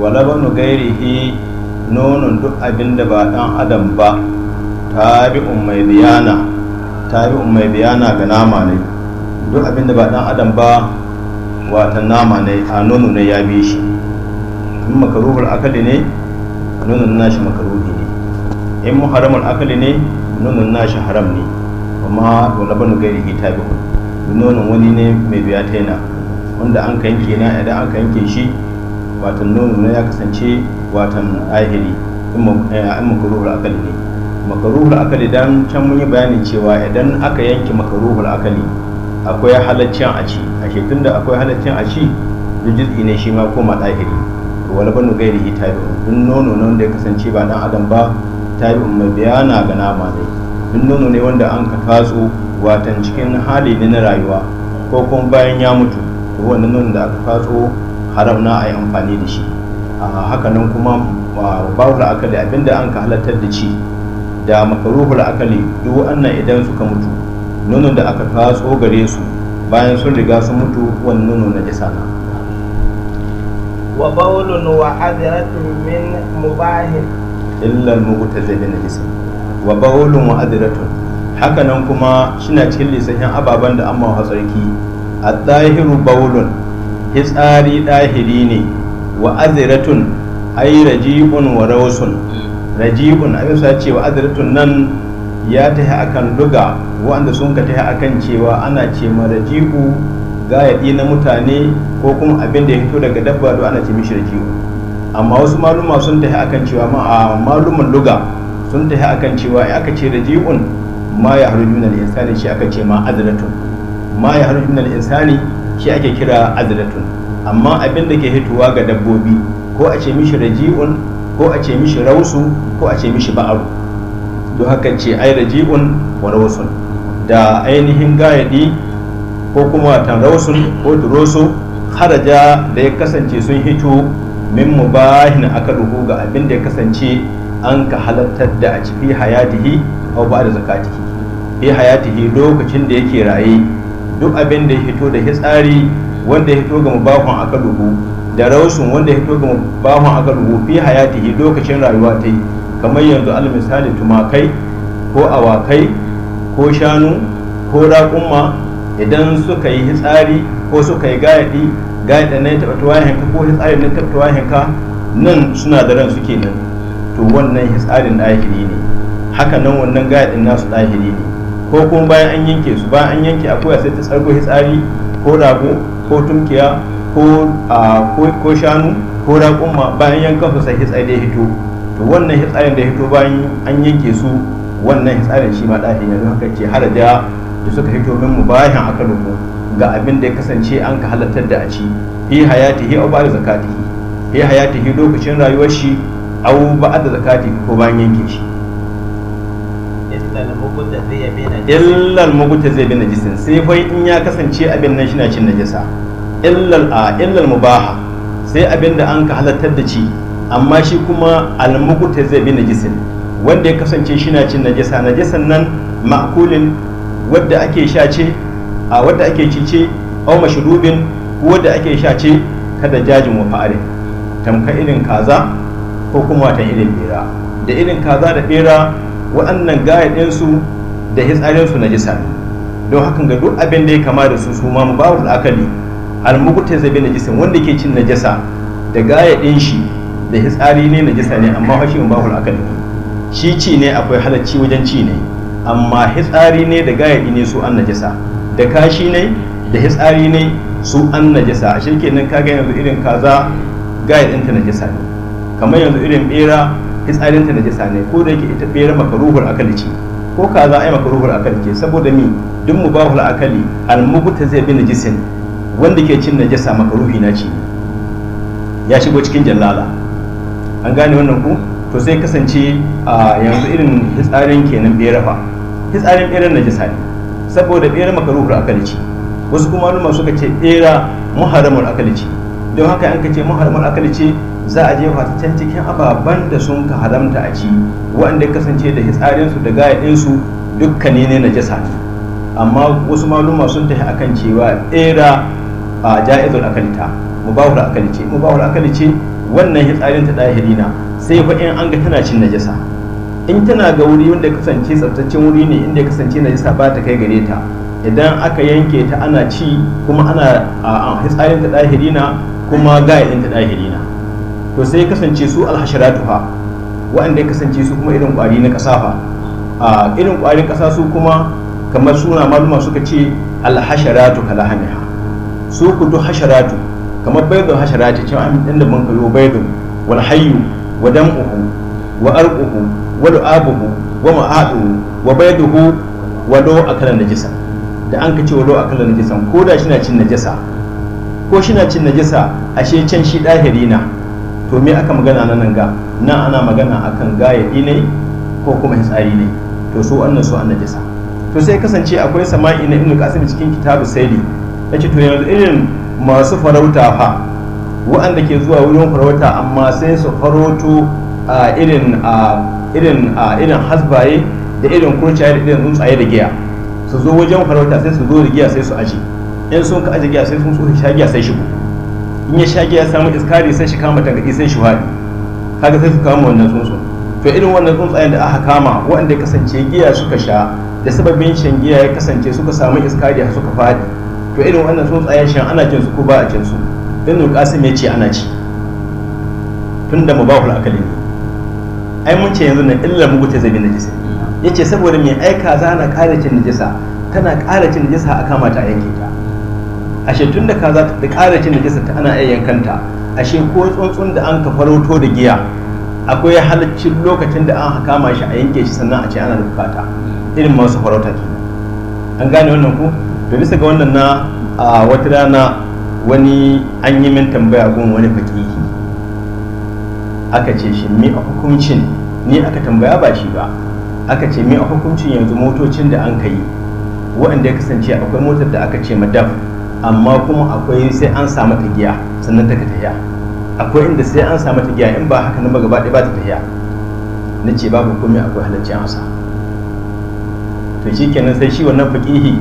walabanu gairihi nonon duk abin da ba dan adam ba tabi'un mai biyana tabi'un mai biyana ga nama ne duk abin da ba dan adam ba wata nama ne a nono ne ya bi shi in makaruhul akali ne nonon nashi makaruhi ne in muharramul akali ne nonon nashi haram ne amma walabanu gairihi tabi'un nonon wani ne mai biya taina wanda an kanke na idan an kanke shi watan nono na ya kasance watan ahiri eh, in makaruhul akali ne makaruhul akali dan can mun yi bayanin cewa idan aka yanke makaruhul akali akwai halaccin a ci a shekun da akwai halaccin a ci duk jizgi ne shi ma koma ɗahiri wani banu gairi ita yi duk nono na wanda ya kasance ba dan adam ba yi mai bayana ga nama ne duk nono ne wanda an ka tatso watan cikin hali ne na rayuwa ko kuma bayan ya mutu to wannan nono da aka tatso haram na a yi amfani da shi A hakanan kuma babu la'akali abinda an ka halartar da ci da makaruhu la'akali duk wannan idan suka mutu nonon da aka tatso gare su bayan sun riga sun mutu wani nono na jisa na wa baulun wa adiratun min mubahin illal mugutazali na jisa wa baulun wa adiratun hakanan kuma shi na cikin lissafin ababen da amma hatsarki a tsahiru baulun hitsari ɗahiri ne wa aziratun ai raji'un wa rausun raji'un abin sa ce wa aziratun nan ya tahi akan duga wanda sun ka tahi akan cewa ana ce ma raji'u ɗi na mutane ko kuma abin da ya fito daga dabba do ana ce mishi raji'u amma wasu maluma sun tahi akan cewa ma a maluman duga sun tahi akan cewa ya aka ce raji'un ma ya haru min insani shi aka ce ma aziratun ma ya haru min insani shi ake kira azratun amma abin da ke hitowa ga dabbobi ko a ce mishi raji'un ko a ce mishi rausu ko a ce mishi ba'aru don haka ce ai raji'un wa rausun da ainihin gayadi ko kuma rausun ko duroso haraja da ya kasance sun hito min mubahin ruhu ga abin da ya kasance an ka halartar da a ciki hayatihi ko ba da zakatihi fi hayatihi lokacin da yake raye duk abin da ya hito da hitsari wanda ya hito ga mubahun aka dubu da rausun wanda ya hito ga mubahun aka dubu fi hayatihi lokacin rayuwa ta yi kamar yanzu al misali tumakai ko awakai ko shanu ko raƙumma idan suka yi hitsari ko suka yi gaɗi gaɗi na taɓa tuwahinka ko hitsari na taɓa tuwahinka nan suna da ran suke nan to wannan hitsarin ɗahiri ne haka nan wannan gaɗin nasu ɗahiri ne ko kuma bayan an yanke su bayan an yanke akuya sai ta tsargo tsari ko rago ko tunkiya ko shanu ko raƙumma bayan yankan su sai hitsari ya hito to wannan hitsarin da ya hito bayan an yanke su wannan hitsarin shi ma ɗahin yanzu haka ce har da suka hito min mu bayan haka rubu ga abin da ya kasance an ka halartar da a ci hi hayati hi ba da zakati hi hayati hi lokacin rayuwar shi au ba'ad da zakati ko bayan yanke shi illal muguta zai bi najisin sai fai in ya kasance abin nan shina cin najisa illal a illal mubaha sai abin da an ka halattar da ci amma shi kuma al muguta zai bi najisin wanda ya kasance shina cin najisa najisan nan ma'kulin wadda ake sha ce a wadda ake ci ce aw mashrubin wadda ake sha ce kada jajin wa fa'are tamka irin kaza ko kuma wata irin bera da irin kaza da bera waɗannan gayaɗinsu da hitsarinsu na jisa don hakan ga duk abin da ya kama da su su ma mu babu akali almukuta zabi na jisa wanda ke cin na jisa da gayaɗin shi da hitsari ne na jisa ne amma fashi mu babu akali shi ci ne akwai halacci wajen ci ne amma hitsari ne da gayaɗi ne su an na jisa da kashi ne da hitsari ne su an na jisa a shirke nan kaga yanzu irin kaza na jisa ne kamar yanzu irin bera fitsarinta na jisa ne ko da yake ita bera makaruhul akali ce ko ka za a yi makaruhul akali ce saboda mi duk mubahul akali almubuta zai bi najisin wanda ke cin najasa makaruhi na ce ya shigo cikin jallala an gane wannan ku to sai kasance a yanzu irin fitsarin kenan bera fa fitsarin bera najisa ne saboda bera makaruhul akali ce wasu kuma wani suka ce bera muharamul akali ce don haka an ka ce akali ce za a jefa ta can cikin ababen da sun ka haramta a ci wanda ya kasance da hitsarinsu da gayaɗinsu dukka ne na jasa amma wasu maluma sun tafi akan cewa era a ja'izul akalita mubahul akalice mubahul akalice wannan hitsarin ta dahiri na sai fa in an ga tana cin najasa in tana ga wuri wanda ya kasance tsabtaccen wuri ne inda ya kasance najasa ba ta kai gare ta idan aka yanke ta ana ci kuma ana a hitsarin ta dahiri na kuma gayaɗin ta dahiri na to sai kasance su alhasharatuha waɗanda ya kasance su kuma irin ƙwari na ƙasa a irin ƙwarin ƙasa su kuma kamar suna maluma suka ce alhasharatu ha. su kudu hasharatu kamar baidun hasharatu cewa an inda mun kayo baidun wal hayyu wa dam'uhu wa arquhu wa du'abuhu wa ma'aduhu wa baiduhu wa do akalan najisa da an ka ce wa do akalan najisa ko da shi na cin najisa ko shi na cin najisa ashe can shi dahiri na to me aka magana na nan ga na ana magana akan ya ne ko kuma tsari ne to su wannan su annabi sa to sai kasance akwai sama'i na ibnu qasim cikin kitabu sayyidi yace to yanzu irin masu farauta fa wa'anda ke zuwa wurin farauta amma sai su faroto a irin a irin a irin hasbaye da irin kurciya da irin tsuntsaye da giya su zo wajen farauta sai su zo da giya sai su aje in sun ka aje giya sai sun so shagiya giya sai shigo in ya shage ya samu iskari sai shi kama tangadi sai shi wadi kaga sai su kama wannan tsuntsu to irin wannan tsuntsayen da aka kama waɗanda ya kasance giya suka sha da sababin shan giya ya kasance suka samu iskari har suka fadi to irin wannan tsuntsayen shan ana jin su ko ba a jin su dan qasim ya ce ana ci da mubahul akali ne ai mun ce yanzu na illa mugu ta zabi najisi yace saboda mai aika za na kare cin najisa tana kare cin najisa a kama ta yanke ta ashe tun da kaza ta ƙara cin najasa ta ana iya yankanta ashe ko tsuntsun da an ka farauto da giya akwai halaccin lokacin da an kama shi a yanke shi sannan a ce ana da bukata irin masu farauta ke an gane wannan ku to bisa ga wannan na a wata rana wani an yi min tambaya gun wani fakihi aka ce shi mi a hukuncin ni aka tambaya ba shi ba aka ce mi a hukuncin yanzu motocin da an ka yi waɗanda ya kasance akwai motar da aka ce madaf amma kuma akwai sai an samu tagiya sannan ta tahiya akwai inda sai an samu tagiya in ba haka nan ba gaba ɗaya ba ta tahiya na ce babu komai akwai halarci an sa to shi kenan sai shi wannan fakihi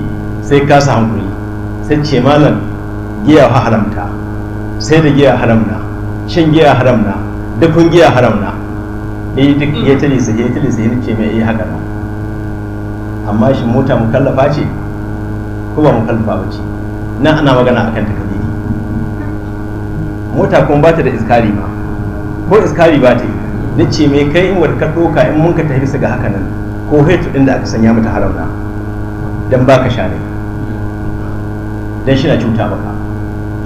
sai kasa hankuri sai ce malam giya ha haramta sai da giya haramna shan giya haramna dafin giya haramna ya eh, yi duk ya tare sai ya tare sai ya ce mai yi eh, haka amma shi mota mukallafa ce ko ba mukallafa ba ce nan ana magana akan takalifi mota kuma ba ta da iskari ba ko iskari ba ta yi na ce mai kai in wata doka ɗoka in mun ka tafi su ga haka nan ko haitu ɗin da aka sanya mata harauna don ba ka share don shi na cuta ba ka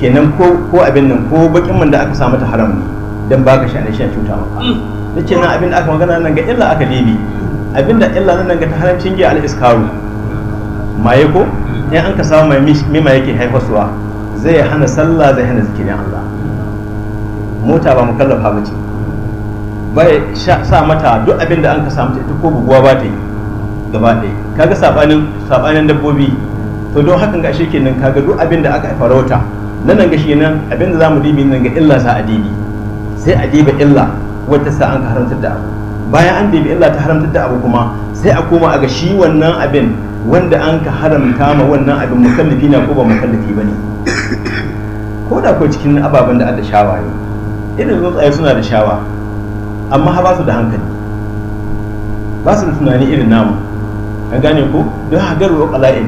kenan ko abin nan ko bakin man da aka sa mata haram ne don ba ka share shi na cuta ba maka na ce nan abin da aka magana nan ga illa aka libi abin da illa nan ga ta haramcin giya al-iskaru maye ko in an ka samu mai mima yake haifarsuwa zai hana sallah zai hana zikirin Allah mota ba mukallafa ba ce bai sa mata duk abin da an ka samu ita ko buguwa ba ta yi gaba ɗaya kaga sabanin sabanin dabbobi to don hakan ga shi kenan kaga duk abin da aka farauta nan nan ga shi nan abin da zamu dibi nan ga illa sa adibi sai a diba illa wata sa an ka haramtar da abu bayan an dibi illa ta haramtar da abu kuma sai a koma a ga shi wannan abin wanda an ka haramta ma wannan abin mukallafi na ko ba mukallafi ba ne ko da ko cikin ababen da da shawa ne irin tsuntsaye suna da shawa amma ha ba su da hankali ba su da tunani irin namu an gane ko don hagaru wa ne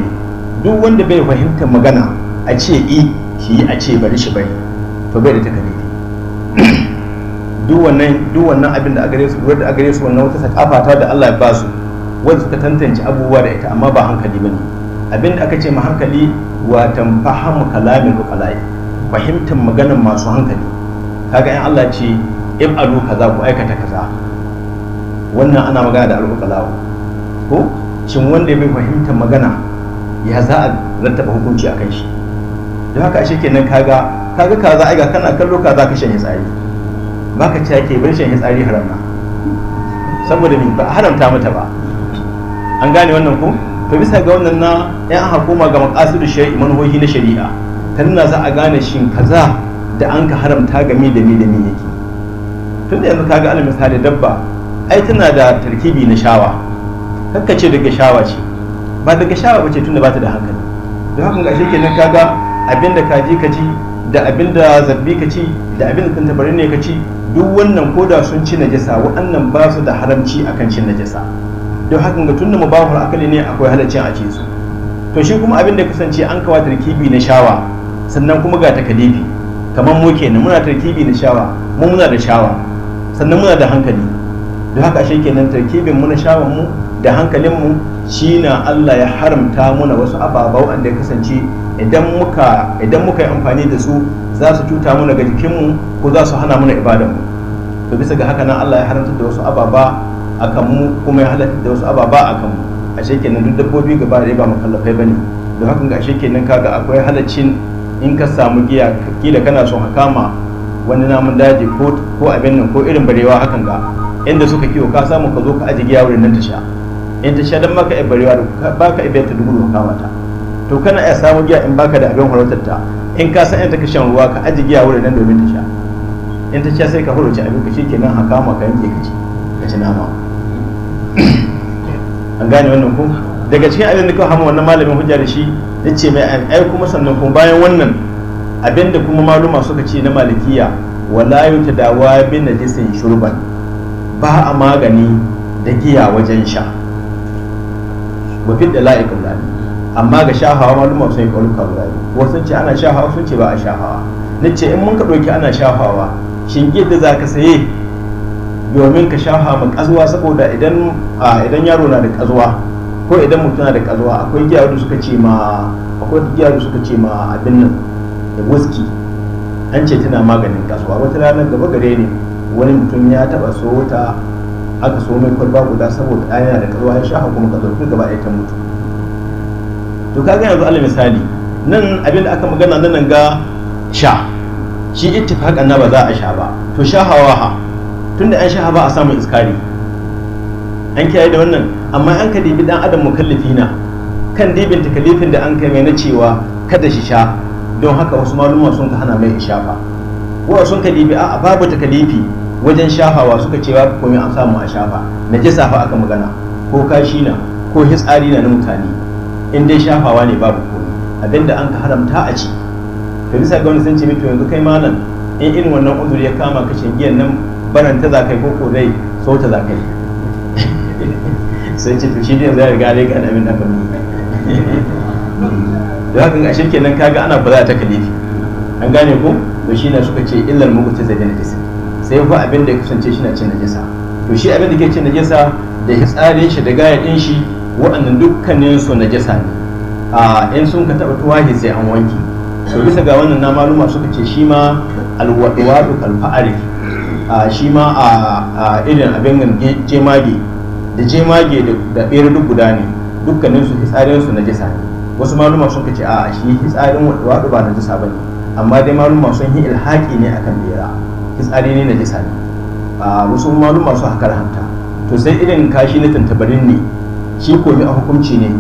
duk wanda bai fahimtar magana a ce i shi a ce bari shi bari to bai da takalidi duk wannan abin da a gare su wannan wata sakafa da Allah ya ba su wadda ta tantance abubuwa da ita amma ba hankali bane abin da aka ce ma hankali watan fahamu kalamin uqala'i fahimtar maganar masu hankali kaga in Allah ce ib'alu kaza ku aikata kaza wannan ana magana da al ko shin wanda ya bai fahimtar magana ya za a rattaba hukunci akan shi don haka ashe kenan kaga kaga kaza ai ga kana kallo kaza ka shanye tsari baka ce ake bar shanye tsari haramna. Saboda saboda ba haramta mata ba an gane wannan ku to bisa ga wannan na yan hukuma ga maqasidu shari'i manhoji na shari'a ta nuna za a gane shin kaza da an ka haramta ga mi da mi da mi yake tun da yanzu kaga sa da dabba ai tana da tarkibi na shawa kakka ce daga shawa ce ba daga shawa ba ce tunda ba ta da hankali don hakan ga shi kenan kaga abinda kaji ka ci da abinda zabbi ka ci da abinda tantabari ne ka ci duk wannan koda sun ci najasa wa'annan ba su da haramci akan cin najasa don hakan ga tunda mubahul akali ne akwai halaccin a cikin su to shi kuma abin da kasance an kawo tarkibi na shawa sannan kuma ga takalifi kamar mu kenan muna tarkibi na shawa mu muna da shawa sannan muna da hankali don haka ashe kenan tarkibin mu na shawa mu da hankalin mu shi na Allah ya haramta muna wasu ababau wanda ya kasance idan muka idan muka yi amfani da su za su cuta muna ga jikinmu ko za su hana muna mu. to bisa ga haka nan Allah ya haramta da wasu ababa a kan mu kuma ya halatta da wasu ababa a kan mu a shekenan duk dabbobi gaba da ba makallafai ba ne don hakan ga nan kaga akwai halaccin in ka samu giya kila kana son ka kama wani namun daji ko abin nan ko irin barewa hakan ga inda suka kiwo ka samu ka zo ka aji giya wurin nan ta sha in ta sha dan maka ai barewa baka ai ta dubu ka kama ta to kana iya samu giya in baka da abin farautar ta in ka san ta ka shan ruwa ka aji giya wurin nan domin ta sha in ta sha sai ka hurace abin ka shikenan haka ma ka yanke ka ci ka ci nama an gane wannan ku daga cikin abin da kawai hama wannan malamin hujja da shi ya ce mai ai kuma sannan kuma bayan wannan abin da kuma maluma suka ce na malikiya wala yuta dawa bin najisin shurban ba a magani da giya wajen sha ba fit da la'ikin lani amma ga shahawa maluma sun yi kauluka guda biyu wasu ce ana shahawa sun ce ba a shahawa na ce in mun ka ɗauki ana shahawa shin da za ka saye domin ka shafa ma kazuwa saboda idan idan yaro na da kazuwa ko idan mutum na da kazuwa akwai giya da suka ce ma akwai giya da suka ce ma abin nan da whisky an ce tana maganin kazuwa wata rana gaba gare ne wani mutum ya taba so wata aka so mai kwalba guda saboda ɗaya yana da kazuwa ya shafa kuma kazuwa duk gaba ɗaya ta mutu to kaga yanzu alal misali nan abin da aka magana nan ga sha shi ittifaqan na ba za a sha ba to sha hawa ha tun da an sha ba a samun iskari an kiyaye da wannan amma an ka dibi dan adam mukallafi na kan dibin takalifin da an kai mai na cewa kada shi sha don haka wasu malumma sun ka hana mai shafa wa sun ka dibi a babu takalifi wajen shafawa suka cewa komai an samu a shafa na ji safa aka magana ko kashi na ko hitsari na na mutane in dai shafawa ne babu komai abinda an ka haramta a ci ta bisa ga wani sun ce mito yanzu kai malam in irin wannan uzuri ya kama kashin giyan nan baranta za ka yi koko zai sauta za ka yi. sai ce to shi ne za riga gane ga abin da ba da haka a shirke nan kaga ana ba za ta kalli. an gane ko to shi na suka ce illar mugutu zai da najasa sai fa abin da ya kusance shi na cin najasa to shi abin da ke cin najasa da tsarin shi da gaya din shi waɗannan dukkanin su najasa ne a in sun ka taɓa tuwahi sai an wanke to bisa ga wannan na maluma suka ce shi ma alwaɗuwa kalfa'ari shi ma a irin abin jemage da jemage da ɓera duk guda ne dukkanin su hitsarin su na jisa ne wasu maluma sun kace a shi hitsarin waɗu ba na jisa ba ne amma dai maluma sun yi ilhaƙi ne a kan bera. hitsari ne na jisa ne A wasu maluma sun haka hanta to sai irin kashi na tantabarin ne shi komi a hukunci ne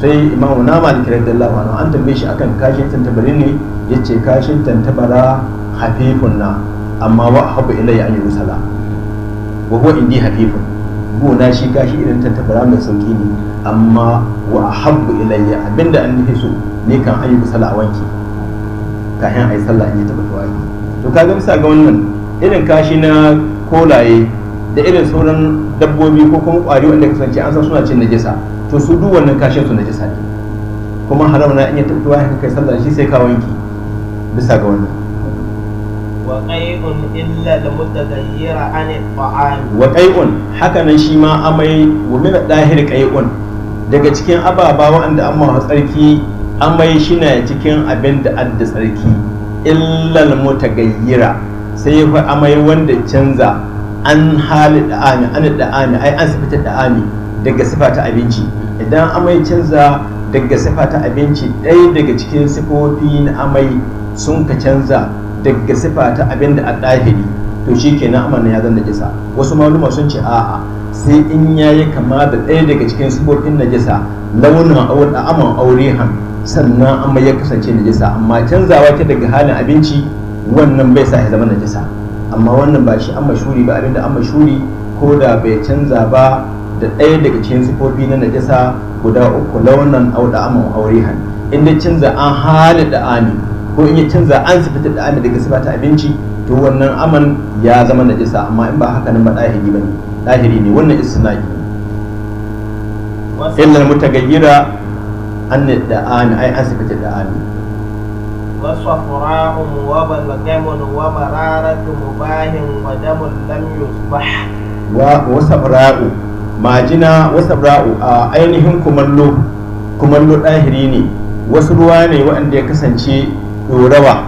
sai imamu na malik radiyallahu anhu an tambaye shi akan kashin tantabarin ne yace kashin tantabara hafifun na amma wa haɓa ilayya an yusala wa huwa indi hafifin gona shi gashi irin tattabara mai sauki ne amma wa haɓa ilayya abinda an nufi so ne kan an rusala a wanki kafin a yi sallah in ya taɓa tuwaye to kaga bisa ga wannan irin kashi na kolaye da irin sauran dabbobi ko kuma ƙwari wanda kasance an san suna cin najisa to su duk wannan kashin su najisa ne kuma haram na in ya taɓa tuwaye kai sallah shi sai ka wanki bisa ga wannan wa إلا haka nan shi ma حكنا شيما أمي ومن الظاهر daga cikin ababa waɗanda an mawa tsarki amai na cikin abin da an da tsarki illal mutagayyira sai fa amai wanda canza an hali da'ami an da'ami ai an sifata da'ami daga sifa abinci idan amai canza daga sifa abinci ɗaya daga cikin sifofi na amai sun ka canza daga sifa ta abin da a ɗahiri to shi ke na amana ya zanda jisa wasu maluma sun ce a'a sai in ya yi kama da ɗaya daga cikin sifofin na jisa launin a aman aure han sannan amma ya kasance na jisa amma canzawa ta daga halin abinci wannan bai sa ya zama na jisa amma wannan ba shi an mashuri ba abinda an mashuri ko da bai canza ba da ɗaya daga cikin sifofi na najasa guda uku launin auda aman aure han inda canza an halin da ami ko in yi canza an fitar da amin daga ta abinci to wannan aman ya zama na isa amma in ba haka nan ba ɗahiri ba ne ɗahiri ne wannan istinaki illal mutagayyira an ne da'ani ai an sifatar da'ani وصفراء وبلغم ومرارة مباه ودم لم يصبح وصفراء wasu ra'u a ainihin kumallo kumallo ɗahiri ne wasu ruwa ne waɗanda ya kasance ɗorawa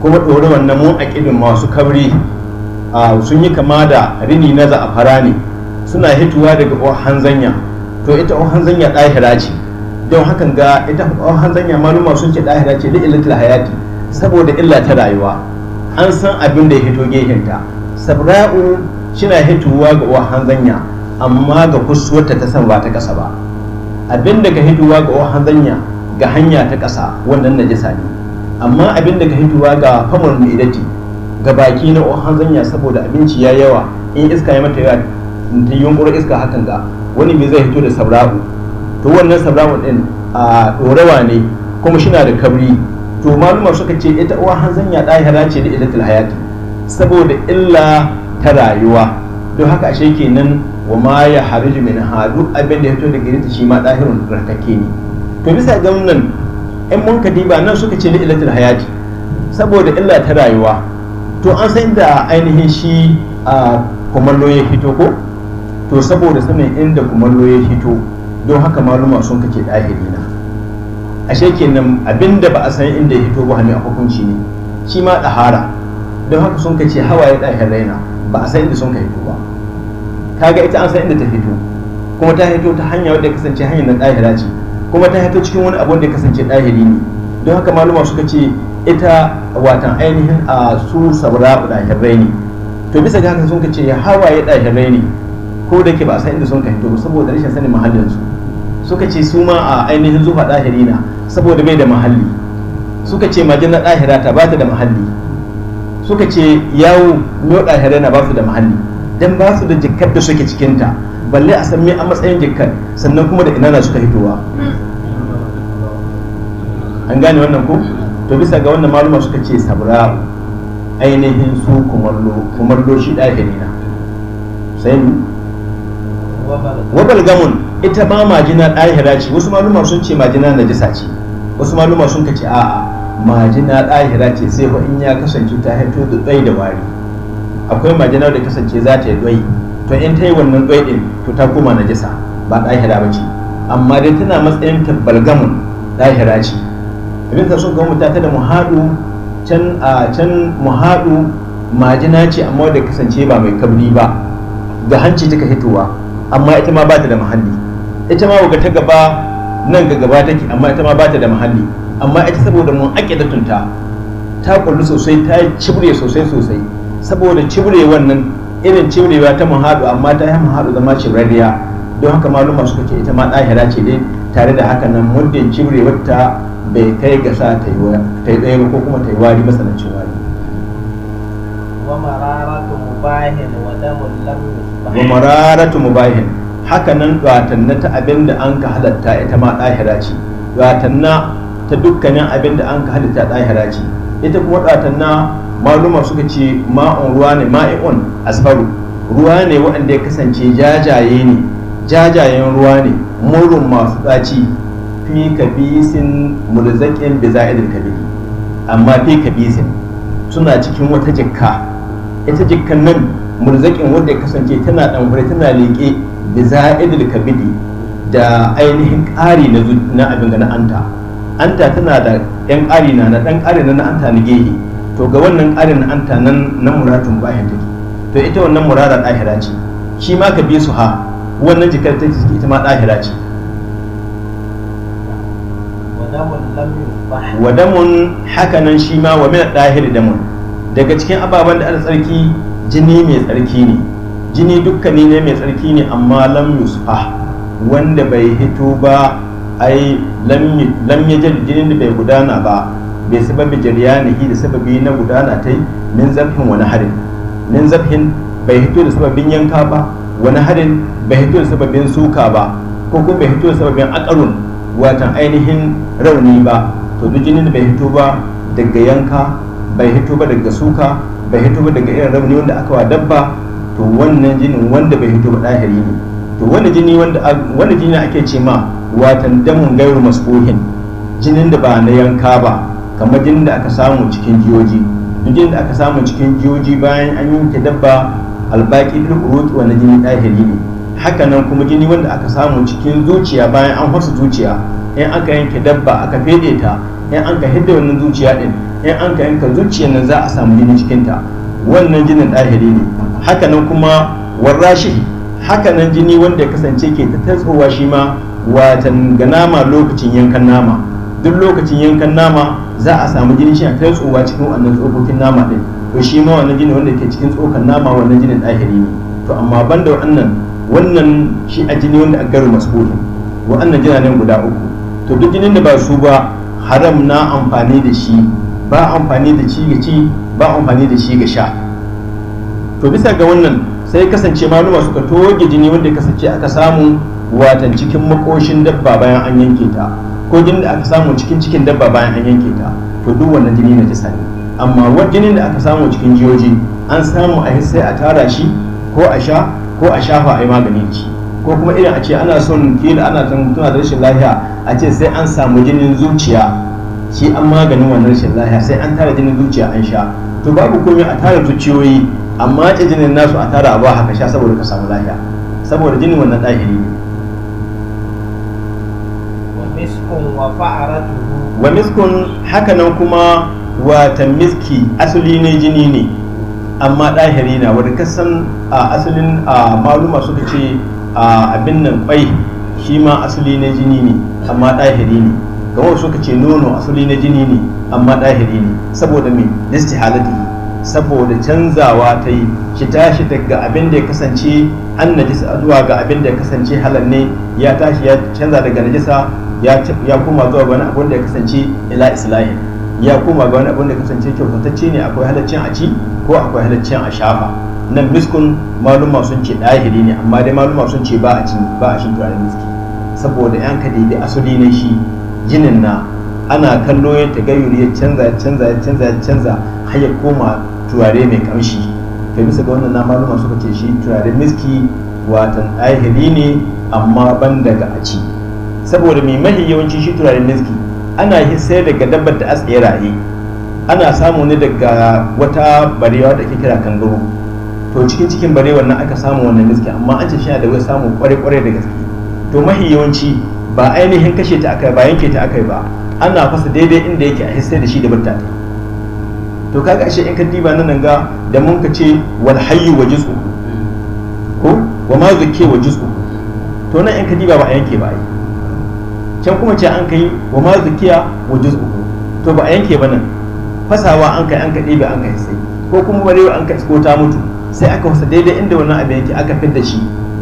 kuma ɗorawan na mun aƙidin masu kabri sun yi kama da rini na za'afara ne suna hituwa daga ohan hanzanya to ita ohan hanzanya ɗahira ce don hakan ga ita ohan zanya maluma sun ce ɗahira ce da illatul hayati saboda illa ta rayuwa an san abin da ya hito gehenta sabra'u shina hituwa ga ohan hanzanya amma ga kusurta ta san ba ta ƙasa ba abin da ka hituwa ga ohan hanzanya ga hanya ta ƙasa wannan najisa ne amma abin da ka hituwa ga famar mai dati ga baki na hanzanya saboda abinci ya yawa in iska ya mata yawa ta yunkuro iska hakan ga wani mai zai hito da sabra'u to wannan sabra'u din a dorawa ne kuma shi na da kabri to maluma suka ce ita uwa hanzanya hara ce da idatul hayati saboda illa ta rayuwa don haka ashe kenan wa ma ya harju min haɗu? abin da ya fito daga irinta shi ma ɗahirun rakake ne to bisa ga wannan in mun ka diba nan suka ce li'ilatul hayati saboda illa ta rayuwa to an san da ainihin shi a kumallo ya fito ko to saboda sanin inda kumallo ya fito don haka maluma sun kake ɗahiri na ashe nan, abinda ba a san inda ya fito ba hannu a hukunci ne shi ma ɗahara don haka sun kace hawaye ɗahirai raina ba a san inda sun ka fito ba kaga ita an san inda ta fito kuma ta fito ta hanya wadda kasance hanyar na ɗahira ce kuma ta haito cikin wani abun da ya kasance ɗahiri ne don haka maluma suka ce ita watan ainihin a su sabra ɗahirai ne to bisa ga haka sun ka ce hawaye ɗahirai ne ko da ke ba a san inda sun ka hito saboda rashin sanin mahallin suka ce su ma a ainihin zuwa ɗahiri na saboda bai da mahalli suka ce majina ɗahira ta ba ta da mahalli suka ce yawo no ɗahirai na ba su da mahalli dan ba su da jikar da suke cikinta balle a san me a matsayin jikkan sannan kuma da ina na suka hitowa an gane wannan ko to bisa ga wannan maluma suka ce sabra ainihin su kumallo kumallo shi ɗahiri na sai wabal gamun ita ma majina ɗahira ce wasu maluma sun ce majina najisa ce wasu maluma sun ce a'a majina ɗahira ce sai ba in ya kasance ta haito da tsayi da wari akwai majina da kasance za ta yi to in ta yi wannan tsaye din to ta koma najisa ba ɗahira ba ce amma dai tana matsayin tabbalgamun ɗahira ce abin ta sun mu mutata da haɗu can a can muhaɗu majina ce amma da kasance ba mai kabri ba ga hanci take hitowa amma ita ma ba ta da muhalli ita ma ga ta gaba nan ga gaba take amma ita ma ba ta da muhalli amma ita saboda mun datunta, ta kullu sosai ta cibre sosai sosai saboda cibre wannan irin cirewa ta manhaɗu amma ta yi manhaɗu zama cirariya don haka maluma suka ce ita ma ɗahira ce dai tare da haka nan muddin cirewar ta bai kai ga sa ta yi ɗaya ba ko kuma ta yi wari matsanancin wari wa mararatu mubahin haka nan ɗwatanna ta abin da an ka halatta ita ma ɗahira ce ɗwatanna ta dukkanin abin da an ka halatta ɗahira ce ita kuma ɗatan na maluma suka ce ma'un ruwa ne ma'i'un asfaru ruwa ne waɗanda ya kasance jajaye ne jajayen ruwa ne murin masu ɗaci fi kabisin mulzaƙin bi ka kabiri amma fi kabisin suna cikin wata jikka ita jikkan nan mulzakin wanda ya kasance tana ɗanhure tana leƙe bi ka kabiri da ainihin ƙari na abin ga na'anta anta anta tana da yan arina na dan arina na anta na gehe to ga wannan arina anta nan na muratun hin take to ita wannan murara ɗahira ce shi ma ka bi su ha wannan jikar ta jiki ita ma ɗahira ce wa damun haka nan shi ma wa mina da damun daga cikin ababen da tsarki jini mai tsarki ne jini dukkani ne mai tsarki ne amma lam yusfa wanda bai hito ba ai lam jar jinin da bai gudana ba bai sababi jariyanihi da sababi na gudana ta min zafin wani harin min zafin bai hito da sababin yanka ba wani harin bai hito da sababin suka ba ko kuma bai hito da sababin akarun watan ainihin rauni ba to duk jinin da bai hito ba daga yanka bai hito ba daga suka bai hito ba daga irin rauni wanda aka wa dabba to wannan jinin wanda bai hito ba dahiri ne to wani jini wanda jini ake ce ma watan damun gairu masbuhin jinin da ba na yanka ba kamar jinin da aka samu cikin jiyoji jinin da aka samu cikin jiyoji bayan an yanke dabba albaki duk rutu wani jini ɗahiri ne hakanan kuma jini wanda aka samu cikin zuciya bayan an fasa zuciya in aka yanke dabba aka fede ta in an ka hidda wannan zuciya din in an ka yanka zuciyar nan za a samu jini cikin ta wannan jinin ɗahiri ne hakanan kuma warrashi hakanan jini wanda ya kasance ke ta tatsowa shi ma watan ga nama lokacin yankan nama duk lokacin yankan nama za a samu jini shi a kai tsowa cikin wannan tsokokin nama din to shi ma wannan jini wanda ke cikin tsokan nama wannan jinin ɗahiri ne to amma ban da wannan wannan shi a jini wanda a garu Wannan jina ne guda uku to duk jinin da ba su ba haram na amfani da shi ba amfani da ci ga ci ba amfani da shi ga sha to bisa ga wannan sai kasance maluma suka toge jini wanda kasance aka samu watan cikin makoshin dabba bayan an yanke ta ko jinin da aka samu cikin cikin dabba bayan an yanke ta to duk wannan jini na jisa ne amma wani jinin da aka samu cikin jiyoji an samu a sai a tara shi ko a sha ko a shafa a yi magani ci ko kuma irin a ce ana son kila ana tuna da rashin lafiya a ce sai an samu jinin zuciya shi an maganin wannan rashin lafiya sai an tara jinin zuciya an sha to babu komai a tara zuciyoyi amma ce jinin nasu a tara ba haka sha saboda ka samu lafiya saboda jinin wannan ɗahiri ne wa miskun hakanan kuma wata miski asali ne jini ne amma ɗahiri na wadda kasan a asalin a maluma suka ce a abin nan kwai shi ma asali ne jini ne amma ɗahiri ne kamar suka ce nono asali ne jini ne amma ɗahiri ne saboda mai nisti halatti, saboda canzawa ta yi shi tashi daga abin da ya kasance an najisa zuwa ga abin da ya kasance halal ne ya tashi ya canza daga najisa ya koma zuwa wani abun da ya kasance ila islahi ya koma ga wani abun da kasance kyautatacce ne akwai halaccin a ci ko akwai halaccin a shafa nan miskun maluma sun ce ɗahiri ne amma dai maluma sun ce ba a cin ba a shin turaren miski saboda yan ka daidai asali ne shi jinin na ana kallo ya tagayyuri ya canza ya canza ya canza ya canza har ya koma turare mai kamshi ta bisa ga wannan na maluma suka ce shi turaren miski watan ɗahiri ne amma ban daga a ci saboda mai mafi yawanci shi turaren miski ana yi sai daga dabbar da asiye raye ana samu ne daga wata barewa da ke kira gaba, to cikin cikin barewa nan aka samu wannan miski amma an ce shi da wai samu kware kware da gaske to mafi yawanci ba ainihin kashe ta akai ba yanke ta akai ba ana fasa daidai inda yake a hisse da shi da batta to kaga ashe in ka diba nan ga da mun ka ce wal hayyu wa jisu ko wa ma zakke wa jisu to nan in ka diba ba a yanke ba ai can kuma ce an kai wa ma zakiya wa juz'u to ba a yanke ba nan fasawa an kai an kaɗe ba an kai sai ko kuma barewa an ka ko ta mutu sai aka wasa daidai inda wannan abin yake aka fidda da shi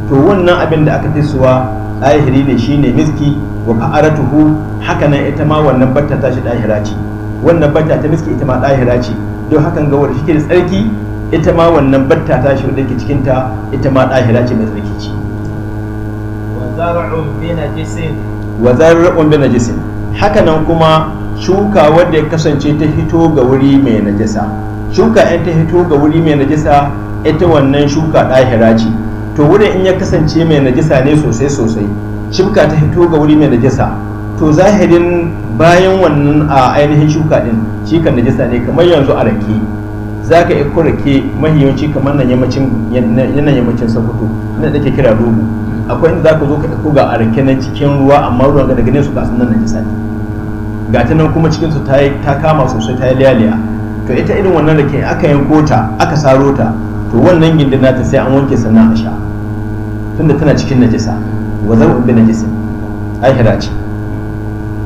to wannan abin da aka fisuwa ɗahiri ne shi ne miski wa fa'aratuhu haka nan ita ma wannan batta ta shi ɗahira ce wannan batta ta miski ita ma ɗahira ce don hakan ga wanda shike da tsarki ita ma wannan batta ta shi wanda ke cikin ta ita ma ɗahira ce mai tsarki ce wa zar'un bi najisin wa zarra'un da najisin hakanan kuma shuka wadda ya kasance ta hito ga wuri mai najisa shuka in ta hito ga wuri mai najisa ita wannan shuka ɗahira ce to wurin in ya kasance mai najisa ne sosai sosai shuka ta hito ga wuri mai najisa to zahirin bayan wannan a ainihin shuka ɗin, shi kan ne kamar yanzu a rake za ka iya rake mahiyanci kamar nan yammacin sokoto na da ke kira rubu akwai inda za ka zo ka ɗauko ga arake nan cikin ruwa amma ruwan ga daga ne su san nan jisa ne ga ta nan kuma cikinsu ta kama sosai ta yi liyaliya to ita irin wannan rake aka yanko ta aka saro ta to wannan gindin nata sai an wanke sannan a sha tunda tana cikin najisa wa zaw bi najisin ahira ce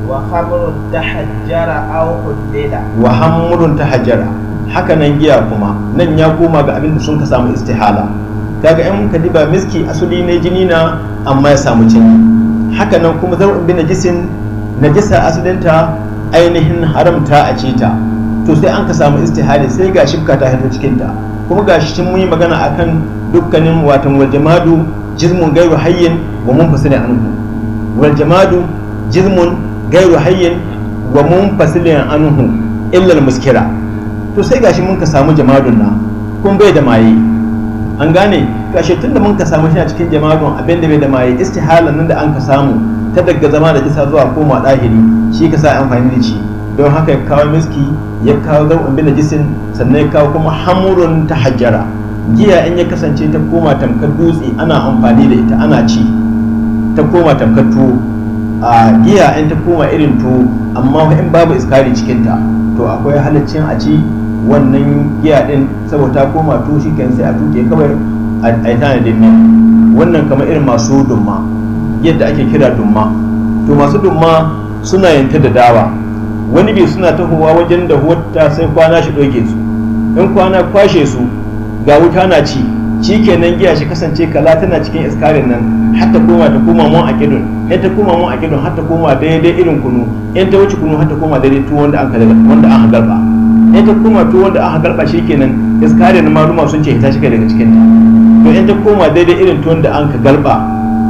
wa hamrun tahajjara aw huddida wa hamrun tahajjara haka nan giya kuma nan ya koma ga abin da sun ka samu istihala kaga yan diba miski asali ne jini na amma ya samu jini haka nan kuma zar'un bi najisin najisa asalinta ainihin haramta a cita to sai an ka samu istihari sai ga shifka ta hito cikin ta kuma ga shi mun yi magana akan dukkanin watan wal jamadu jizmun gairu hayyin wa mun fasilin anhu wal jamadu jizmun gairu hayyin wa mun fasilin anhu illa muskira to sai gashi mun ka samu jamadun na kun bai da maye an gane kashe tun da mun ka samu shi a cikin jama'a abin da bai da maye istihalan nan da an ka samu ta daga zama da kisa zuwa koma ɗahiri shi ka sa amfani da shi don haka ya kawo miski ya kawo zau'in bin jisin sannan ya kawo kuma hamurun ta hajjara giya in ya kasance ta koma tamkar dutse ana amfani da ita ana ci ta koma tamkar tuwo a giya in ta koma irin tuwo amma in babu iskari cikin ta to akwai halaccin a ci wannan giya din saboda ta koma to shi kan sai a tuke kawai a ita tanadin ne wannan kamar irin masu dumma yadda ake kira dumma to masu dumma suna yanta da dawa wani bai suna tahowa wajen da wata sai kwana shi ɗauke su in kwana kwashe su ga wuta na ci shi kenan giya shi kasance kala tana cikin iskarin nan har ta koma ta koma mun kidon in ta koma mun akidun har ta koma daidai irin kunu in ta wuce kunu har ta koma daidai tuwon wanda an wanda an garba in ta koma to wanda aka karɓa shi kenan iskari na maluma sun ce ta shiga daga cikin ta to in ta koma daidai irin tuwon da an ka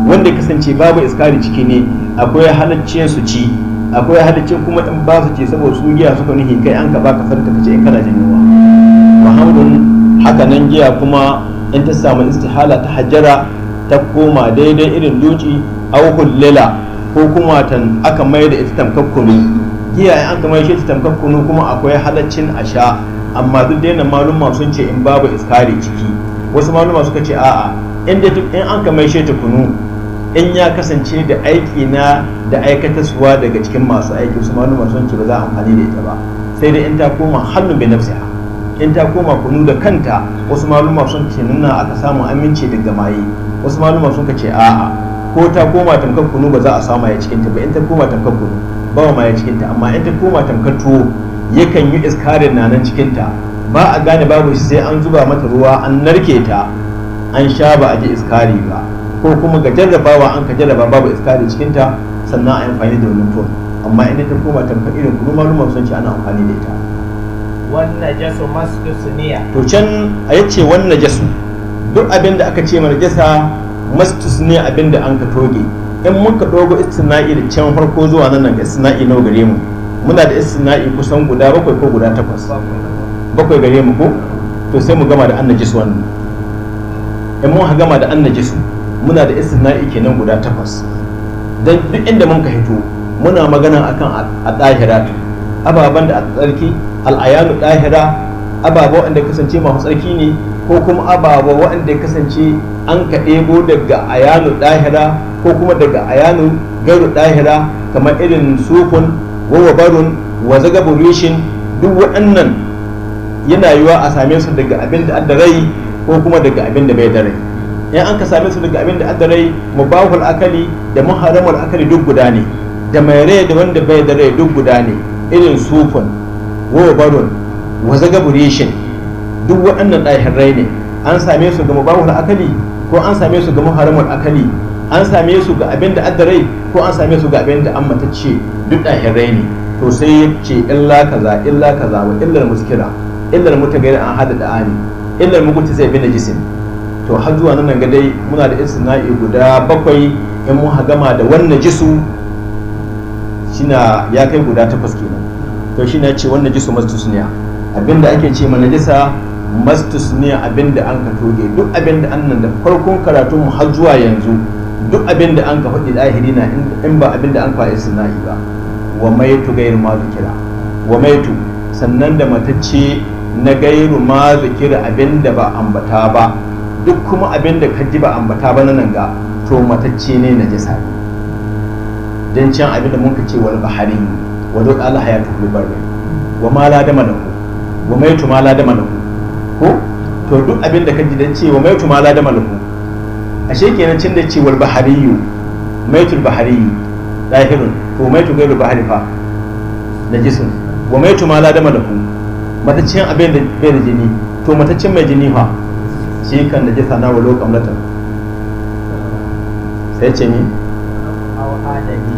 wanda kasance babu iskari ciki ne akwai halacce su ci akwai halacce kuma in ba su ce saboda su giya suka nuhi kai an ka baka sarka kace in kana jin muhammadun haka nan giya kuma in ta samu istihala ta hajjara ta koma daidai irin doci au hullila ko kuma tan aka mai da ita tamkar kiyaye an kamar shi tamkar kunu kuma akwai halaccin a sha amma duk da yana maluma sun ce in babu iskari ciki wasu maluma suka ce a'a in an kamar shi ta kunu in ya kasance da aiki na da aikatasuwa daga cikin masu aiki su maluma sun ce ba za a amfani da ita ba sai dai in ta koma hannu bai nafsiha in ta koma kunu da kanta wasu maluma sun ce nuna aka samu aminci daga maye wasu maluma sun ce a'a ko ta koma tamkar kunu ba za a samu ya cikin ta ba in ta koma tamkar kunu ba ma ya cikinta amma in ta koma tamkar tuwo yakan yi iskarin na nan cikinta ba a gane babu shi sai an zuba mata ruwa an narke ta an sha ba a ji iskari ba ko kuma ga jarrabawa an ka jarraba babu iskari cikinta sannan a yi amfani da wannan tuwon amma in ta koma tamkar irin kuma malumar sun ce ana amfani da ita wannan jasu masu suniya to can a yace wannan jasu duk abin da aka ce mana jasa mastus ne abin da an ka toge in muka dogo istina'i da can farko zuwa nan ga istina'i nau gare mu muna da istina'i kusan guda bakwai ko guda takwas bakwai gare mu ko to sai mu gama da su wannan in mun gama da su muna da istina'i kenan guda takwas dan duk inda mun ka hito muna magana akan al-dahira ababan da a tsarki al'ayanu dahira ababan da kasance masu tsarki ne ko kuma ababa waɗanda ya kasance an ka ɗebo daga ayanu ɗahira ko kuma daga ayanu garu ɗahira kamar irin sufun barun wa burishin duk waɗannan yana yiwa a same su daga abin da adda rai ko kuma daga abin da bai da rai in an ka same su daga abin da adda rai mubahul akali da muharramul akali duk guda ne da mai rai da wanda bai da rai duk guda ne irin sufun wa barun wa burishin duk waɗannan rai ne an same su ga mubahul akali ko an same su ga muharramul akali an same su ga abin da addarai ko an same su ga abin da an matacce duk rai ne to sai ya ce illa kaza illa kaza wa illar muskira illar mutagayyir an hada da ani illar mukuti zai bi na jisim to har zuwa nan ga dai muna da isna'i guda bakwai in mun hagama da wannan jisu shina ya kai guda takwas kenan to shi ce wannan jisu mastusniya abinda ake ce mana najisa mastus ne abin da an ka toge duk abin da an nan da farkon karatun mu har zuwa yanzu duk abin da an ka faɗi zahiri na in ba abin da an ka isna'i ba wa maitu gairu ma zikira wa maitu sannan da matacce na gairu ma zikira abin da ba ambata ba duk kuma abin da ka ji ba ambata ba na nan ga to matacce ne na jisa don can abin da ka ce wal bahari wa zo hayatu bi barri wa ma la dama wa maitu ma la dama lahu ko to duk abin da kan ji dan cewa mai tuma la da malahu ashe kenan cin da cewar bahariyu maitul bahariyu dahirun to maitu gairu bahari fa da jisun wa maitu ma la da malahu matacin abin da bai da jini to matacin mai jini fa shi kan da jisa na walau kamlatan sai ce ni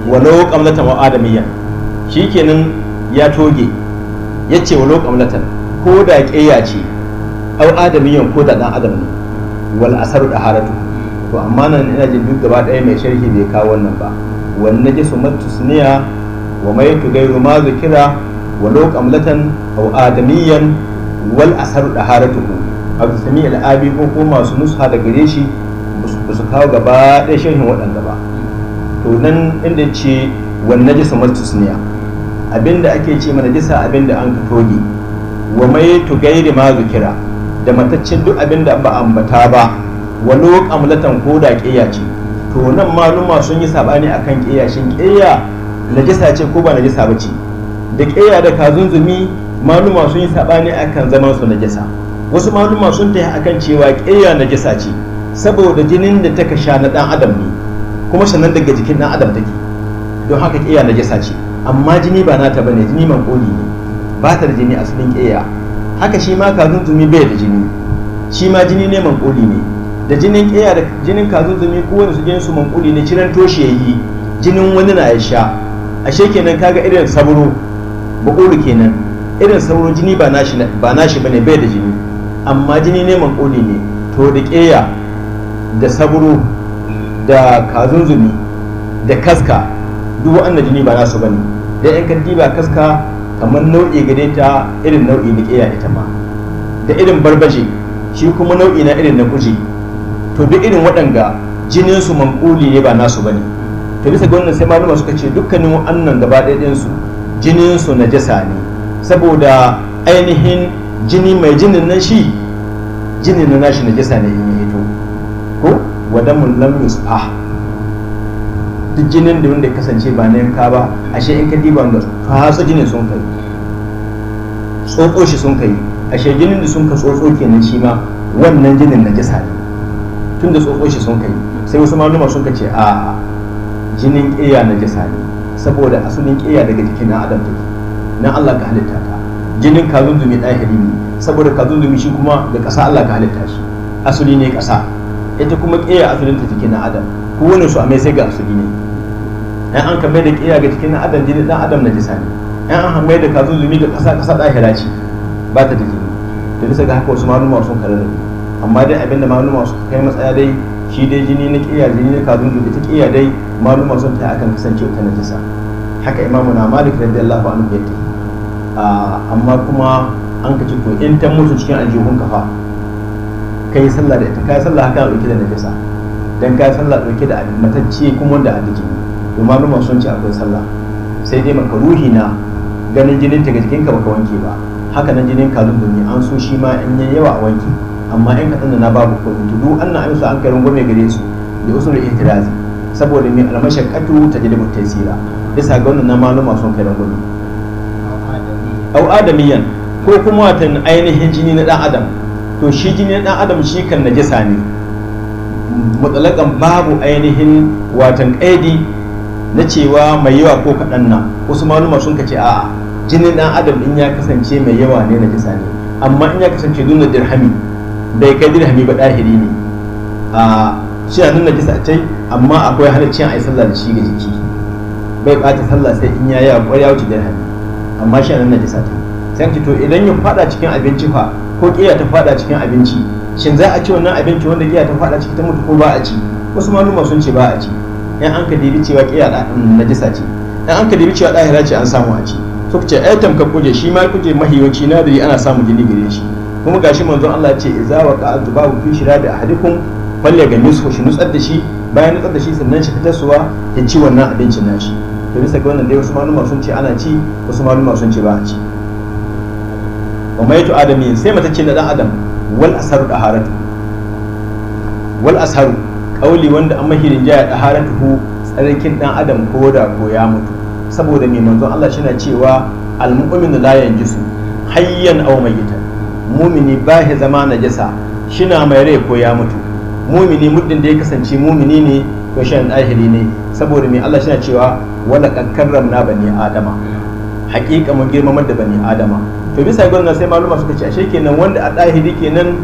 walau kamlatan wa adamiyya shi kenan ya toge ya ce walau kamlatan ko da ƙeya ce au adamiyan ko da dan adam ne wal asaru haratu. to amma nan ina jin duk gaba ɗaya mai sharhi bai kawo wannan ba ji najisu matusniya wa maytu ghayru ma zikira wa lokamlatan au adamiyan wal asaru haratu abu sami al'abi ko ko masu nusa da gare shi ba su kawo gaba ɗaya sharhin waɗanda ba to nan inda ce wanne ji najisu matusniya abinda ake ce mana jisa abinda an ka toge wa mai tugairi ma zikira da mataccen duk abin da ba ambata ba walau kamlatan ko da ƙeya ce to nan maluma sun yi sabani akan ƙiya shin na najisa ce ko ba najisa ba ce da ƙeya da kazunzumi maluma sun yi sabani akan zaman su najisa wasu maluma sun a akan cewa na najisa ce saboda jinin da ta kasha na ɗan adam ne kuma sannan daga jikin ɗan adam take don haka na najisa ce amma jini ba nata ne, jini man ƙoli ne ba ta da jini asalin ƙeya. haka shi ma kazunzumi bai da jini shi ma jini ne manƙuli ne da jinin ƙeya da jinin kazuzumi kowane su jinsu manƙuli ne cinan toshe yi jinin wani na ya sha ashe kenan kaga irin saburo baƙulu kenan irin saburo jini ba nashi ba ne bai da jini amma jini ne manƙuli ne to da ƙeya da saburo da kazunzumi da kaska duk wa'annan jini ba nasu bane da yan kaddi ba kaska kamar nau'i gare ta irin nau'i da ƙeya ita ma da irin barbaje shi kuma nau'i na irin na kuji to duk irin waɗanga jinin su manƙuli ne ba nasu bane to bisa ga wannan sai malama suka ce dukkanin wannan gaba ɗayan su jinin su jasa ne saboda ainihin jini mai jinin nan shi jinin na nashi na jasa ne in ya hito ko mun lam yusfa duk jinin da wanda ya kasance ba na yanka ba ashe in ka diba ga fatsa jinin sun kai tsotso shi sun kai ashe jinin da sun ka tsotso kenan shi ma wannan jinin na jisa ne tun da tsotso shi sun kai sai wasu maluma sun ka ce a jinin ƙiya na jisa ne saboda asalin ƙiya daga jikin na adam take na Allah ka halitta ta jinin ka zunzumi ɗahiri ne saboda ka zunzumi shi kuma da ƙasa Allah ka halitta shi asali ne ƙasa ita kuma ƙiya asalin ta jikin na adam kowane su a mai sai ga asali ne ɗan an ka mai da ƙiya ga jikin na adam jinin ɗan adam na jisa ne ɗan an mai da ka zunzumi da ƙasa ƙasa ɗahira ce ba ta da jini da bisa ga haka wasu maluma sun kare amma dai abinda maluma su kai matsaya dai shi dai jini na kiya jini na kazun da ta kiya dai maluma sun ta akan kasance ta najisa haka imamu na malik radiyallahu anhu ya ta ah, amma kuma an kace ko in ta mutu cikin aljihun kafa kai sallah da ita kai sallah haka dauke da najisa dan kai sallah dauke da matacce kuma wanda a jini to maluma sun ce akwai sallah sai dai maka ruhi na ganin jinin ta ga jikinka baka wanke ba haka nan jinin kalin ne an so shi ma in yi yawa a wanki amma in kaɗan da na babu komai to duk an na amsa an kai rungume gare su da usul ihtirazi saboda mai almashaqqatu tajlibu taysira bisa ga wannan na maluma sun kai rungume au adamiyan ko kuma watan ainihin jini na dan adam to shi jini na dan adam shi kan jisa ne mutsalakan babu ainihin watan kaidi na cewa mai yawa ko kaɗan na wasu maluma sun kace a'a jinin dan adam in ya kasance mai yawa ne na jisa ne amma in ya kasance duna dirhami bai kai dirhami ba ɗahiri ne a shi na nuna jisa tai amma akwai halaccin a yi sallah da shi ga jiki bai ɓata sallah sai in ya yi akwai ya wuce dirhami amma shi na nuna jisa tai sai ce to idan ya fada cikin abinci fa ko ƙiya ta fada cikin abinci shin za a ci wannan abinci wanda ƙiya ta fada ciki ta mutu ko ba a ci wasu maluma sun ce ba a ci yan an ka dibi cewa ƙiya na jisa ce Yan an ka dibi cewa ɗahira ce an samu a ci suka ce ai tamka kuje shi ma kuje mahiyoci nadiri ana samun jini gare shi kuma gashi manzo Allah ce idza waqa zubabu fi shirabi ahadikum falle ga nisfu shi nutsar da shi bayan nutsar da shi sannan shi fitar suwa ya ci wannan abincin nashi to bisa ga wannan dai wasu maluma sun ce ana ci wasu maluma sun ce ba a ci wa maitu adami sai mata ce na dan adam wal asharu daharatu wal asharu kauli wanda an mahirin jaya daharatu tsarkin dan adam ko da ko ya mutu saboda mai manzo Allah shi na cewa muminu la yanjisu hayyan aw mayyitan mumini ba ya zama najasa shina mai rai ko ya mutu mumini muddin da ya kasance mumini ne ko shan ahili ne saboda mai Allah shi na cewa wala kakkarram na bani adama Haƙiƙa mun girmamar da bani adama to bisa ga wannan sai maluma suka ce ashe kenan wanda a dahiri kenan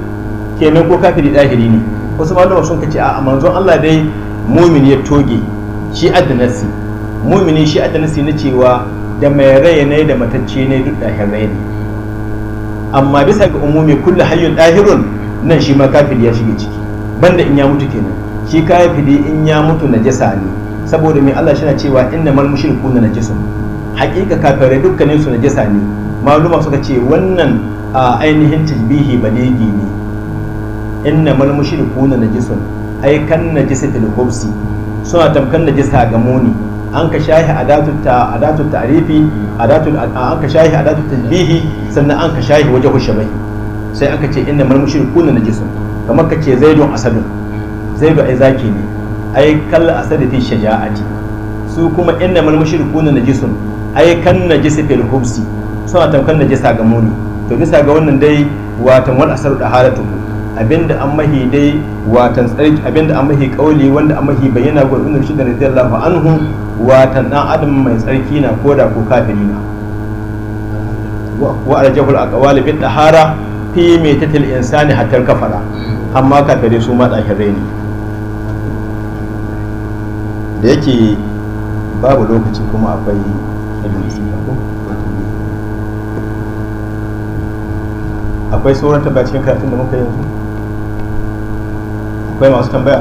kenan ko kafiri dahiri ne wasu maluma sun ce a manzon Allah dai mumin ya toge shi addanasi mumini shi a tanasi na cewa da mai rai ne da matacce ne duk ɗahirai ne amma bisa ga umumi kullu hayyun ɗahirun nan shi ma kafin ya shiga ciki banda in ya mutu kenan shi kafiri in ya mutu najasa ne saboda mai Allah shi na cewa inna mal mushriku na hakika kafirai dukkanin su najasa ne maluma suka ce wannan a ainihin tajbihi baligi ne inna mal mushriku na kan fil suna tamkan najasa ga muni an ka shahi adatut ta'rifi adatut an ka shahi adatut tanbihi sannan an ka shahi wajhu shabai sai aka ce inna mal mushrikuna najisun kamar ka ce zaidun asadun zaidu ai zaki ne ai kal asadi fi shaja'ati su kuma inna mal mushrikuna najisun ai kan najisi fil hubsi suna tamkan najisa ga muni to bisa ga wannan dai watan wal asadu da halatu abinda an mahi dai watan tsarki abinda an mahi kauli wanda an mahi bayyana gurbin shi da radiyallahu anhu watan dan adam mai tsarki na koda ko kafiri na wa arjahul aqwali bi dahara fi mitatil insani hatta kafara amma kafire su ma dahirai ne da yake babu lokaci kuma akwai akwai sauran tabbacin cikin karatun da muka yanzu akwai masu tambaya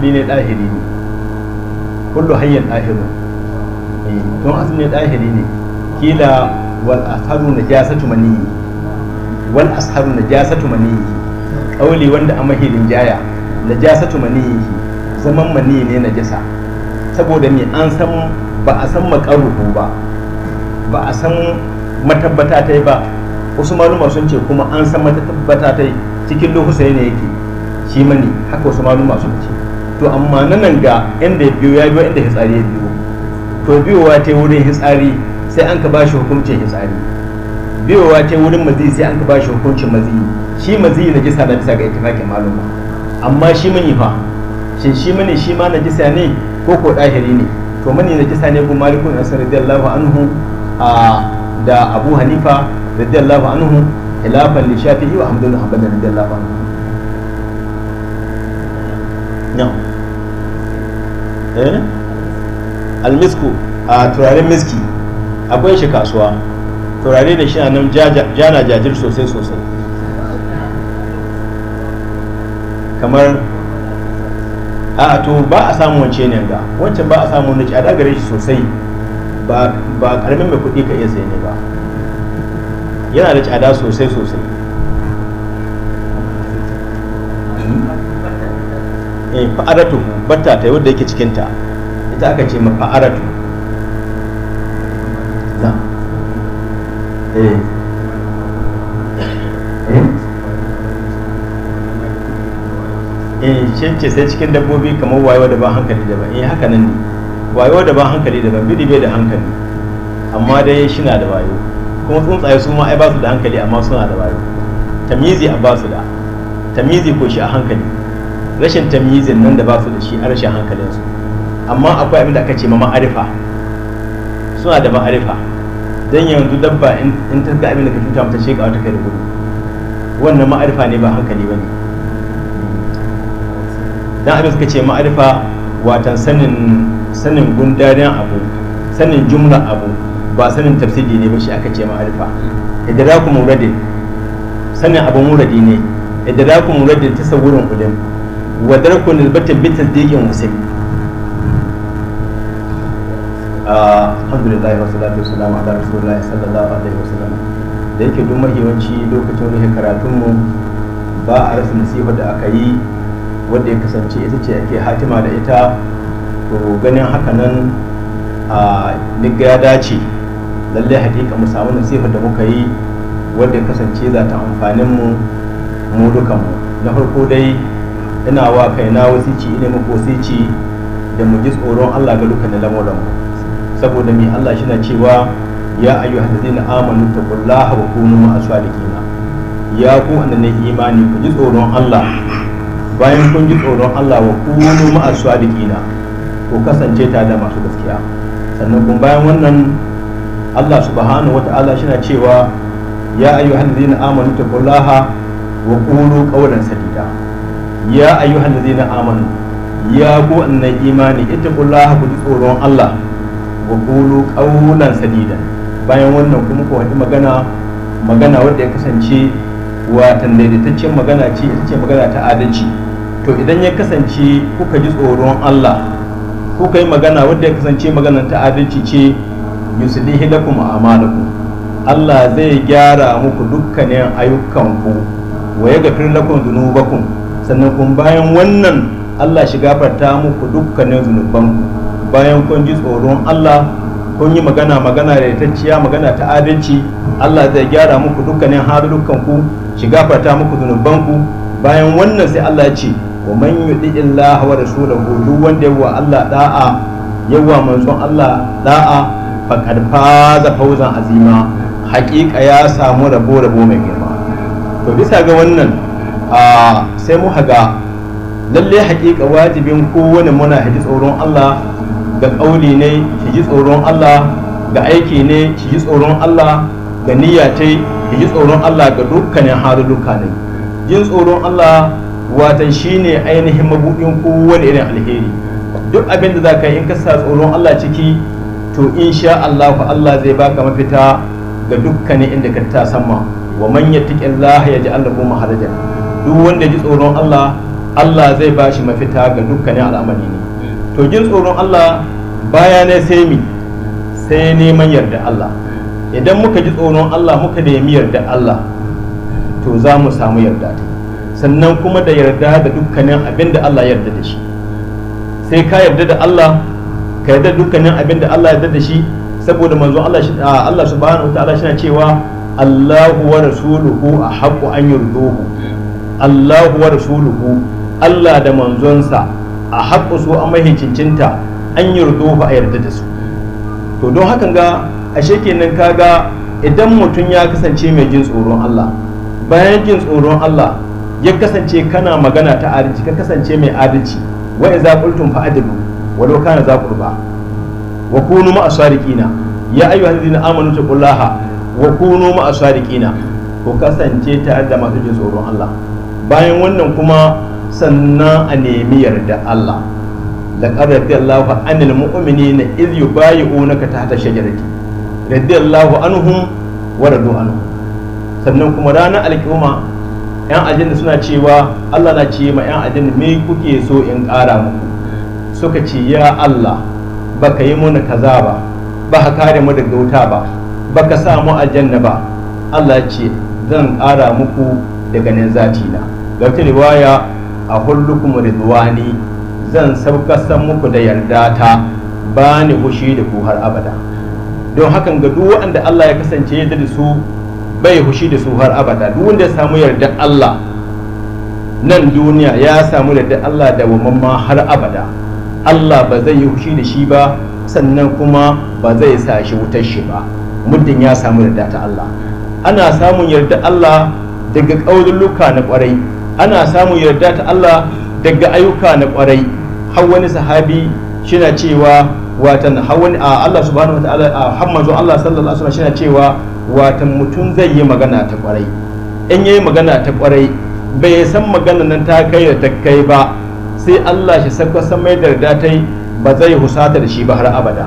asali ne ɗahiri ne kullu hayyan ɗahirin eh, don asali ne ɗahiri ne kila wal asharu na jasatu maniyi wal asharu na jasatu maniyi ƙauli wanda a mahirin jaya na jasatu maniyi zaman maniyi ne na jasa saboda me an san ba a san makaruhu ba ba a san matabbata ta ba wasu maluma sun ce kuma an san matabbata ta cikin lokusa ne yake shi mani haka wasu maluma sun ce to amma nan ga inda ya biyo ya biyo inda hitsari ya biyo to biyowa ta wurin hitsari sai an ka ba shi hukuncin hitsari biyowa ta wurin mazi sai an ka ba shi hukuncin mazi shi mazi na jisa na bisa ga ittifakin maluma amma shi mani fa shin shi mani shi ma na jisa ne ko ko dahiri ne to mani na jisa ne ko malikun yasir radiyallahu anhu da abu hanifa radiyallahu anhu khilafan li shafi'i wa hamdulillah bin hanbal radiyallahu anhu Eh? almisku a turaren miski akwai shi kasuwa turare da shi a nan jana jajir sosai sosai kamar a to ba a samu wance ne ga wancan ba a samu wani a gare shi sosai ba karamin mai kuɗi ka iya sai ne ba yana da tsada sosai sosai hmm? eh tabbata ta wadda yake cikinta ita aka ce mafa'aratu na eh, eh. eh in ce sai cikin dabbobi kamar wayo da ba hankali daban in eh, haka nan ne wayo da ba hankali daban bidi bai da hankali amma dai shi na da wayo kuma tsuntsaye su ma ai ba su da hankali amma suna da wayo tamizi a ba su da tamizi ko shi a hankali rashin tamyizin nan da ba su da shi a rashin hankalinsu amma akwai abin da aka ce ma ma'arifa suna da ma'arifa don yanzu dabba in ta ga abin da ka cuta mata sheka wata kai da gudu wannan ma'arifa ne ba hankali ba ne dan abin suka ce ma'arifa watan sanin sanin gundarin abu sanin jumla abu ba sanin tafsiri ne ba shi aka ce ma'arifa idraku muradin sanin abu muradi ne idraku muradin tasawurin ulim wa darku nilbatin bitin dikin wusai alhamdulillah wa ah, salatu wassalamu ala rasulillah sallallahu alaihi wasallam da yake duk yawanci lokacin wani karatun mu ba a rasa nasiha da aka yi wanda ya kasance ita ce ake hatima da ita to ganin haka nan a ya dace lallai hakika mu samu nasiha da muka yi wanda ya kasance za ta amfanin mu mu dukan mu na farko dai ina wa kaina ci ina muku ci da mu ji tsoron Allah ga dukkan lamuran mu saboda mi Allah shi na cewa ya ayyuhallazina amanu taqullaha wa kunu ma asalikina ya ku annane imani ku ji tsoron Allah bayan kun ji tsoron Allah wa kunu ma asalikina ku kasance ta da masu gaskiya sannan kun bayan wannan Allah subhanahu wata'ala shi na cewa ya ayyuhallazina amanu taqullaha wa kunu qawlan sadida ya ayyuhan ladina amanu ya ku na imani ittaqullaha ku tsoron Allah wa qulu qawlan sadida bayan wannan kuma ku haɗi magana magana wanda ya kasance watan daidaitaccen magana ce ita ce magana ta adalci to idan ya kasance kuka ji tsoron Allah kuka yi magana wanda ya kasance maganar ta adalci ce yuslihi lakum a'malakum Allah zai gyara muku dukkanin ayyukanku wa yaghfir lakum dhunubakum sannan kun bayan wannan Allah shi gafarta muku dukkanin zunubanku bayan kun ji tsoron Allah kun yi magana magana da tacciya magana ta adalci Allah zai gyara muku dukkanin halukan ku shi gafarta muku zunubanku bayan wannan sai Allah ya ce wa man yudi illaha wa rasulahu duk wanda yawa Allah da'a yawa manzon Allah da'a faqad za fawzan azima haƙiƙa ya samu rabo rabo mai girma to bisa ga wannan sai mu haga lalle haƙiƙa wajibin kowane muna hiji tsoron Allah ga ƙauli ne ji tsoron Allah ga aiki ne ji tsoron Allah ga niyyatai, ta ji tsoron Allah ga dukkanin halulluka ne jin tsoron Allah watan shine ainihin mabuɗin kowane irin alheri duk abin da za ka yi in ka sa tsoron Allah ciki to insha Allah Allah zai baka mafita ga dukkanin inda ka ta sama wa man yattaqi Allah yaj'al lahu maharaja duk wanda ji tsoron Allah Allah zai ba shi mafita ga dukkanin al'amari ne to jin tsoron Allah baya ne sai mi sai neman yarda Allah idan muka ji tsoron Allah muka nemi yarda Allah to za mu samu yarda sannan kuma da yarda da dukkanin abin da Allah yarda da shi sai ka yarda da Allah ka yarda dukkanin abin da Allah yarda da shi saboda manzo Allah ah, Allah subhanahu wa ta'ala shi cewa Allahu wa rasuluhu a haqqu an yurduhu Allahu wa rasuluhu Allah da manzonsa a haƙƙo su a mahicincinta an yi ba a yarda da su to don hakan ga ashe kenan kaga idan mutum ya kasance mai jin tsoron Allah bayan jin tsoron Allah ya kasance kana magana ta adalci ka kasance mai adalci wa idza qultum wa law kana za qurba wa kunu ma sadiqina ya ayyuhallazina amanu taqullaha wa kunu ma sadiqina ko kasance ta da masu jin tsoron Allah bayan wannan kuma sannan a nemi yarda Allah laqad radiyallahu anil mu'minina iz yubayi'unaka tahta shajarati radiyallahu anhum wa radu anhum sannan kuma ranar alƙiyama yan aljanna suna cewa Allah na ce ma yan aljanna me kuke so in ƙara muku suka ce ya Allah baka yi mana kaza ba ba ka kare mu daga wuta ba baka sa mu aljanna ba Allah ce zan ƙara muku daga nan zati na ga riwaya a hullukum rizwani zan saukasan muku da yarda ta ba ni hushi da ku har abada don hakan ga duk wanda Allah ya kasance yadda da su bai hushi da su har abada duk wanda ya samu yarda Allah nan duniya ya samu yarda Allah da wamamma har abada Allah ba zai yi hushi da shi ba sannan kuma ba zai sa shi wutar shi ba muddin ya samu yarda ta Allah ana samun yarda Allah daga ƙaunar luka na ƙwarai ana samun yarda ta Allah daga ayyuka na kwarai har wani sahabi shina cewa watan har wani a Allah subhanahu wataala a hammanzo Allah sallallahu alaihi wasallam shina cewa watan mutum zai yi magana ta kwarai in yayi magana ta kwarai bai san magana nan ta kai da ta kai ba sai Allah shi sakwa san mai yarda tai ba zai husata da shi ba har abada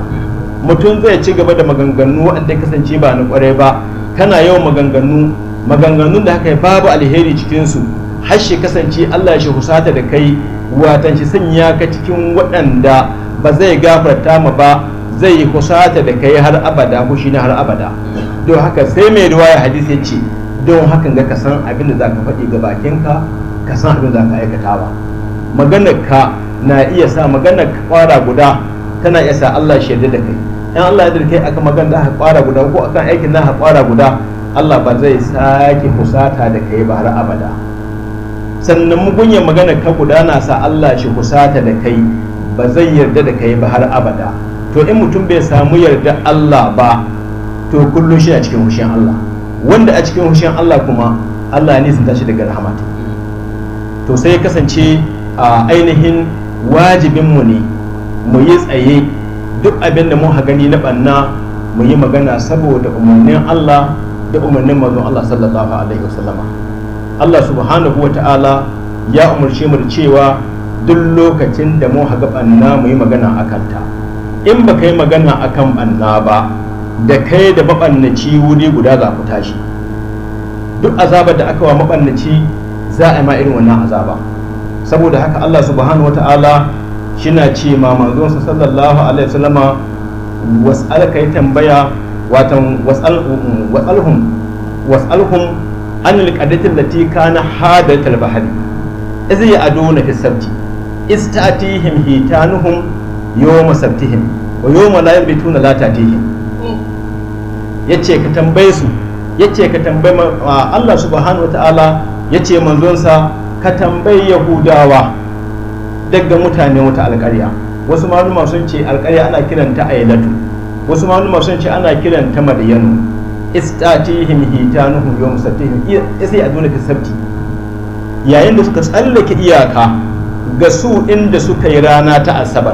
mutum zai ci gaba da maganganu wanda kasance ba na kwarai ba kana yawan maganganu maganganun da haka babu alheri cikinsu har shi kasance Allah shi husata da kai watan shi sanya ka cikin waɗanda ba zai gafarta ma ba zai husata da kai har abada ko shi na har abada don haka sai mai ya hadisi ya ce don haka ga ka san abin da zaka faɗi ga bakinka ka san abin da zaka aikata ba maganar ka na iya sa maganar kwara guda tana iya sa Allah shi yarda da kai in Allah ya yarda da kai akan maganar da kwara guda ko akan aikin na kwara guda Allah ba zai sake husata da kai ba har abada sannan mugun ya magana ka gudana sa Allah shi kusata da kai ba zai yarda da kai ba har abada to in mutum bai samu yarda Allah ba to kullum shi a cikin hushin Allah wanda a cikin hushin Allah kuma Allah ne sun tashi daga rahmat to sai kasance a ainihin wajibin mu ne mu yi tsaye duk abin da mun gani na banna mu yi magana saboda umarnin Allah da umarnin manzon Allah sallallahu alaihi wasallama Allah subhanahu wa ta'ala ya umarce mu da cewa duk lokacin da mu haga banna mu yi magana a kanta in ba ka yi magana a kan banna ba da kai da mabannaci wuri guda za ku tashi duk azabar da aka wa mabannaci za a yi ma irin wannan azaba saboda haka Allah subhanahu shi shina ce ma manzon sallallahu alaihi wasallama was'al kai tambaya watan was'alhum was'alhum an alƙadatin lati kana hadat izi ya ya'duna fi sabti istatihim hitanuhum yawma sabtihim wa yawma la yabituna la tatihim yace ka tambaye su yace ka tambaye Allah subhanahu wataala yace sa ka tambayi yahudawa daga mutane wata alƙarya wasu maluma sun ce alƙarya ana kiranta ailatu wasu maluma sun ce ana kiranta madiyanu istatihim hitanuhu yawm sabtihim sai a duna sabti yayin da suka tsallake iyaka ga su inda suka yi rana ta asabar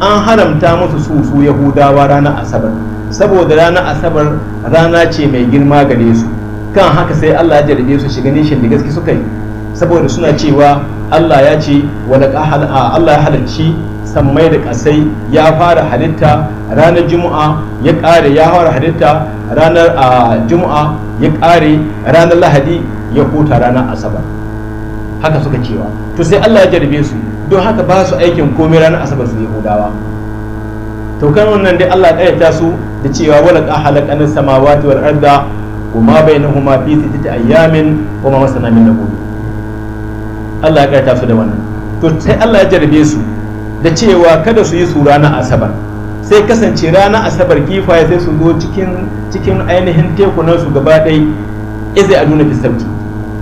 an haramta musu su su yahudawa rana asabar saboda rana asabar rana ce mai girma gare su kan haka sai Allah ya jarabe su shiga nishin da gaske suka yi saboda suna cewa Allah ya ce wa Allah ya halarci sammai da kasai ya fara halitta ranar juma'a ya kare ya fara halitta ranar juma'a ya kare ranar lahadi ya huta ranar asabar haka suka cewa to sai allah ya jarbe su don haka ba su aikin komai ranar asabar su yahudawa to kan wannan dai Allah ya ta su da cewa wala ka halaqana samawati wal arda kuma bainahuma fi sittati ayamin kuma masana min nabu Allah ya ta su da wannan to sai Allah ya jarbe su da cewa kada su yi su ranar asabar sai kasance ranar asabar kifaye sai su zo cikin ainihin tekunan su gaba ɗai izai a nuna fisauki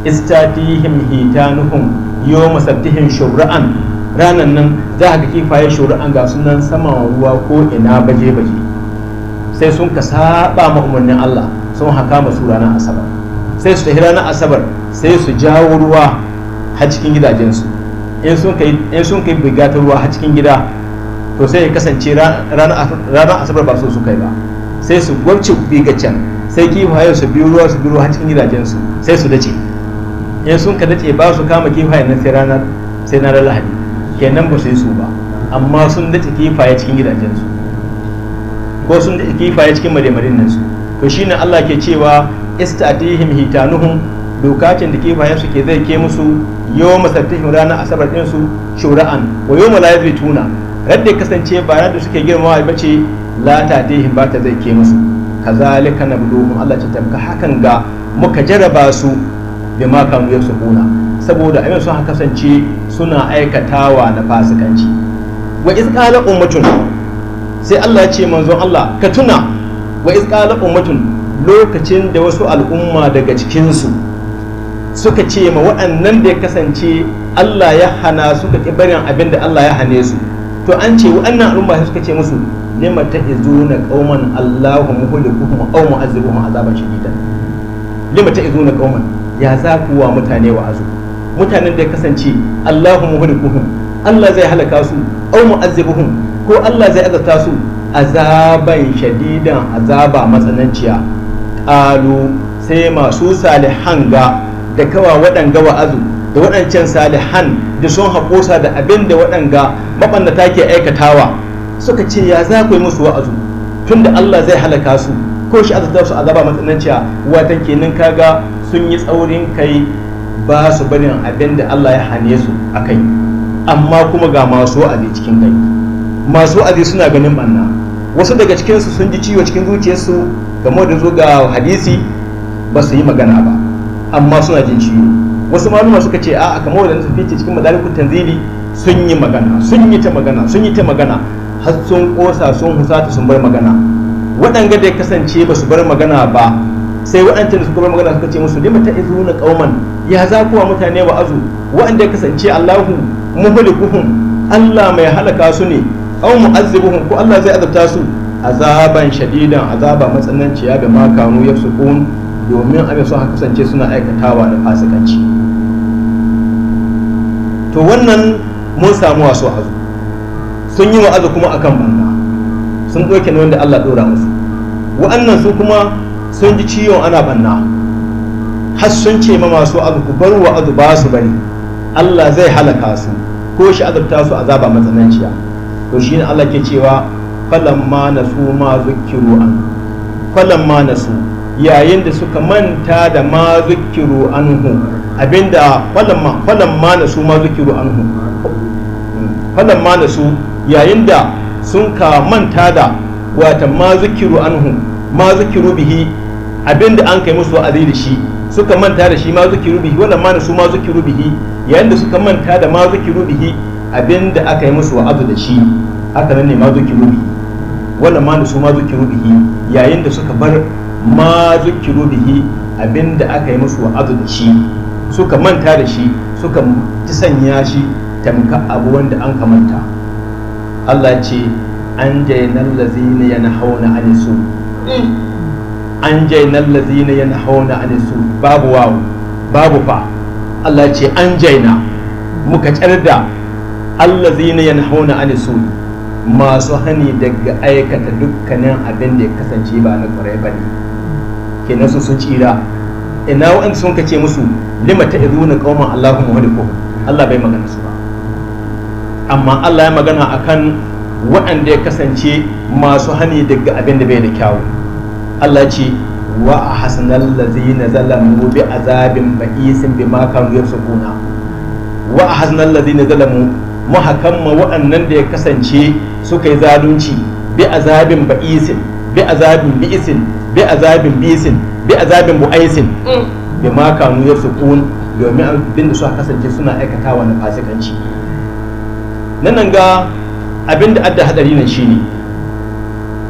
istatihim hitanuhum yau masabtihin shura'an ranar nan za a ga kifaye shura'an ga sunan saman ruwa ko ina baje-baje sai sun ka saba ma umarnin Allah sun haka masu ranar asabar sai su tafi ranar asabar sai su jawo ruwa har cikin gidajensu in sun kai biga ta ruwa a cikin gida to sai ya kasance ranar asabar ba su su kai ba sai su gwabce biga can sai kifaye su biyu ruwa su biyu a cikin gidajensu sai su dace in sun ka dace ba su kama kifaye na sai ranar sai na lahadi kenan ba su yi su ba amma sun dace kifaye cikin gidajensu ko sun dace kifaye cikin maremarin nan su to shine Allah ke cewa istatihim hitanuhum dokacin da kifaye su ke zai ke musu yau masattihim ranar asabar ɗinsu shura'an wa yau mala ya tuna radda kasance bayan da suke girma ba ce la ta ba ta zai ke musu kazalika na buduhun Allah ce tamka hakan ga muka jaraba su da maka wuyar su kuna saboda ayyukan sun kasance suna aikatawa na fasikanci wa iz qala ummatun sai Allah ya ce manzon Allah ka tuna wa iz qala ummatun lokacin da wasu al'umma daga cikinsu suka ce ma waɗannan da ya kasance Allah ya hana suka ƙi barin abin da Allah ya hane su to an ce waɗannan al'umma suka ce musu ne ma ta izuna ƙauman Allahu muhlikuhum aw mu'azzibuhum azaban Ne ma ta na ƙauman ya za ku wa mutane wa azu mutanen da ya kasance Allahu muhlikuhum Allah zai halaka su mu mu'azzibuhum ko Allah zai azata su azaban shadidan azaba matsananciya qalu sai masu salihan ga da kawa waɗanga wa'azu da waɗancan salihan da sun haƙosa da abin da waɗanga maɓannata ke aikatawa suka ce ya za ku yi musu wa'azu tun da Allah zai halaka su ko shi azabta su azaba matsananciya watan kenan kaga sun yi tsaurin kai ba su barin abin da Allah ya hane su a kai amma kuma ga masu wa'azi cikin kai masu wa'azi suna ganin manna. wasu daga cikinsu sun ji ciwo cikin zuciyarsu game da zo ga hadisi ba su yi magana ba amma suna jin ciwo wasu maluma suka ce a'a kamar wadanda sun fice cikin madalikun tanzili sun yi magana sun yi ta magana sun yi ta magana har sun kosa sun husata sun bar magana waɗanga da ya kasance ba su bar magana ba sai waɗanda da suka bar magana suka ce musu limata ta izuna qauman ya za kuwa mutane wa azu waɗanda ya kasance Allahu muhlikuhum Allah mai halaka su ne aw mu'azzibuhum ko Allah zai azabta su azaban shadidan azaba matsananciya da ma yafsukun domin abin sun kasance suna aikatawa da fasikanci to wannan mun samu wasu azu sun yi wa'azu kuma akan banza sun ɗauke na wanda Allah ɗora musu wa'annan su kuma sun ji ciwon ana banna har sun ce ma masu azu ku bar wa'azu ba su bari Allah zai halaka su ko shi azabta su azaba matsananciya to shi ne Allah ke cewa falamma nasu ma zukiru an falamma nasu yayin da suka manta da ma zukiru anhu abinda falamma ma na su ma zukiru anhu ma na su yayin da sun ka manta da wata ma zukiru anhu ma zukiru bihi abinda an kai musu wa'azi da shi suka manta da shi ma zukiru bihi wannan ma na su ma zukiru bihi yayin da suka manta da ma zukiru bihi abinda aka yi musu wa'azi da shi haka nan ne ma zukiru bihi wannan ma na su ma zukiru bihi yayin da suka bar ma zukiru bihi abinda aka yi musu wa'azu shi suka manta da shi suka ci sanya shi tamka abu wanda an kamanta Allah ce an jainan ya na hauna anisu an jainan ya na hauna anisu babu wawo babu fa Allah ce an jaina muka tsar da allazina yanhauna anisul masu hani daga aikata dukkanin abin da ya kasance ba na kwarai ba ne kenan su sun tsira ina wa'in sun kace musu lima ta izu na kauman allahu muhalikum allah bai magana su ba amma allah ya magana a kan waɗanda ya kasance masu hani daga abin da bai da kyawu allah ce wa a hasanar na zalamu bi azabin ba'isin bi makan yau sukuna wa a hasanar na zalamu mahakan ma waɗannan da ya kasance suka yi zalunci bi azabin ba'isin bi azabin bi'isin bi azabin bi'isin bi azabin bu'aisin mm. bi ma kanu ya sukun domin abin da suka kasance suna aikatawa na fasikanci nan ga abin da adda hadari nan shine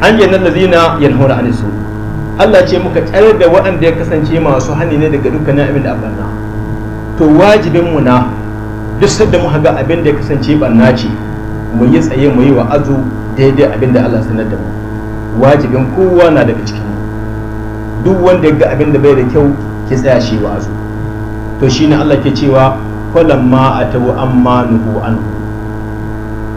an yi nan lazina yanhuna anisu Allah ce muka tsare da waɗanda ya kasance masu hani ne daga dukkanin abin da abanna to wajibin mu na duk sadda muka ga abin da ya kasance banna ce mu yi tsaye mu yi wa'azu daidai abin da Allah sanar da mu wajibin kowa na daga cikin duk wanda ga abin da bai da kyau ki tsaya shi wa'azu to shine Allah ke cewa falamma atawu amma nuhu anhu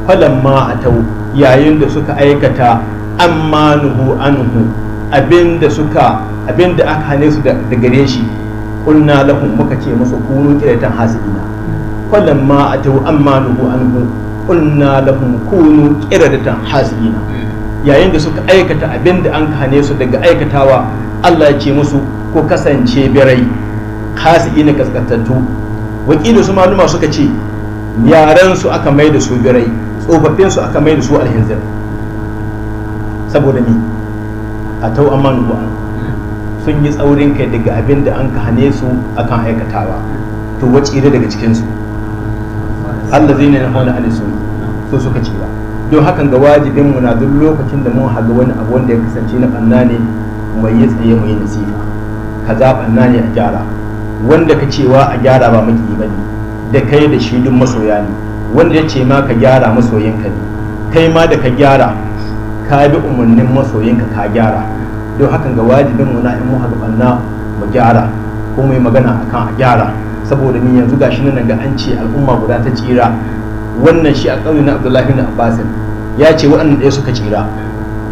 a atawu yayin da suka aikata amma nuhu anhu abin da suka abin da aka hane su da gare shi kunna lahum muka ce musu kunu qiratan hasibina falamma atawu amma nuhu anhu kunna lahum kunu qiradatan hazina yayin da suka aikata abin da an kane su daga aikatawa Allah ya ce musu ko kasance birai ina kaskantattu wakilu su maluma suka ce yaran su aka mai da su birai tsofaffin su aka mai da su alhinzir saboda ni a tau amanu ba sun yi tsaurin kai daga abin da an hane su akan aikatawa to wace daga cikinsu Allah zai ne na hauna alisu so suka ci ba don hakan ga wajibin mu na duk lokacin da mun halu wani abu wanda ya kasance na banna ne mai yi tsaye mai nasifa ka kaza banna ne a gyara wanda ka cewa a gyara ba maki ba ne da kai da shi duk masoya ne wanda ya ce ma ka gyara masoyinka ne kai ma da ka gyara ka bi umarnin masoyinka ka gyara don hakan ga wajibin mu na in mun halu banna mu gyara ko mu yi magana akan a gyara saboda ni yanzu gashi nan ga an ce al'umma guda ta tsira wannan shi a ƙauye na abdullahi na abbasin ya ce waɗanda ɗaya suka tsira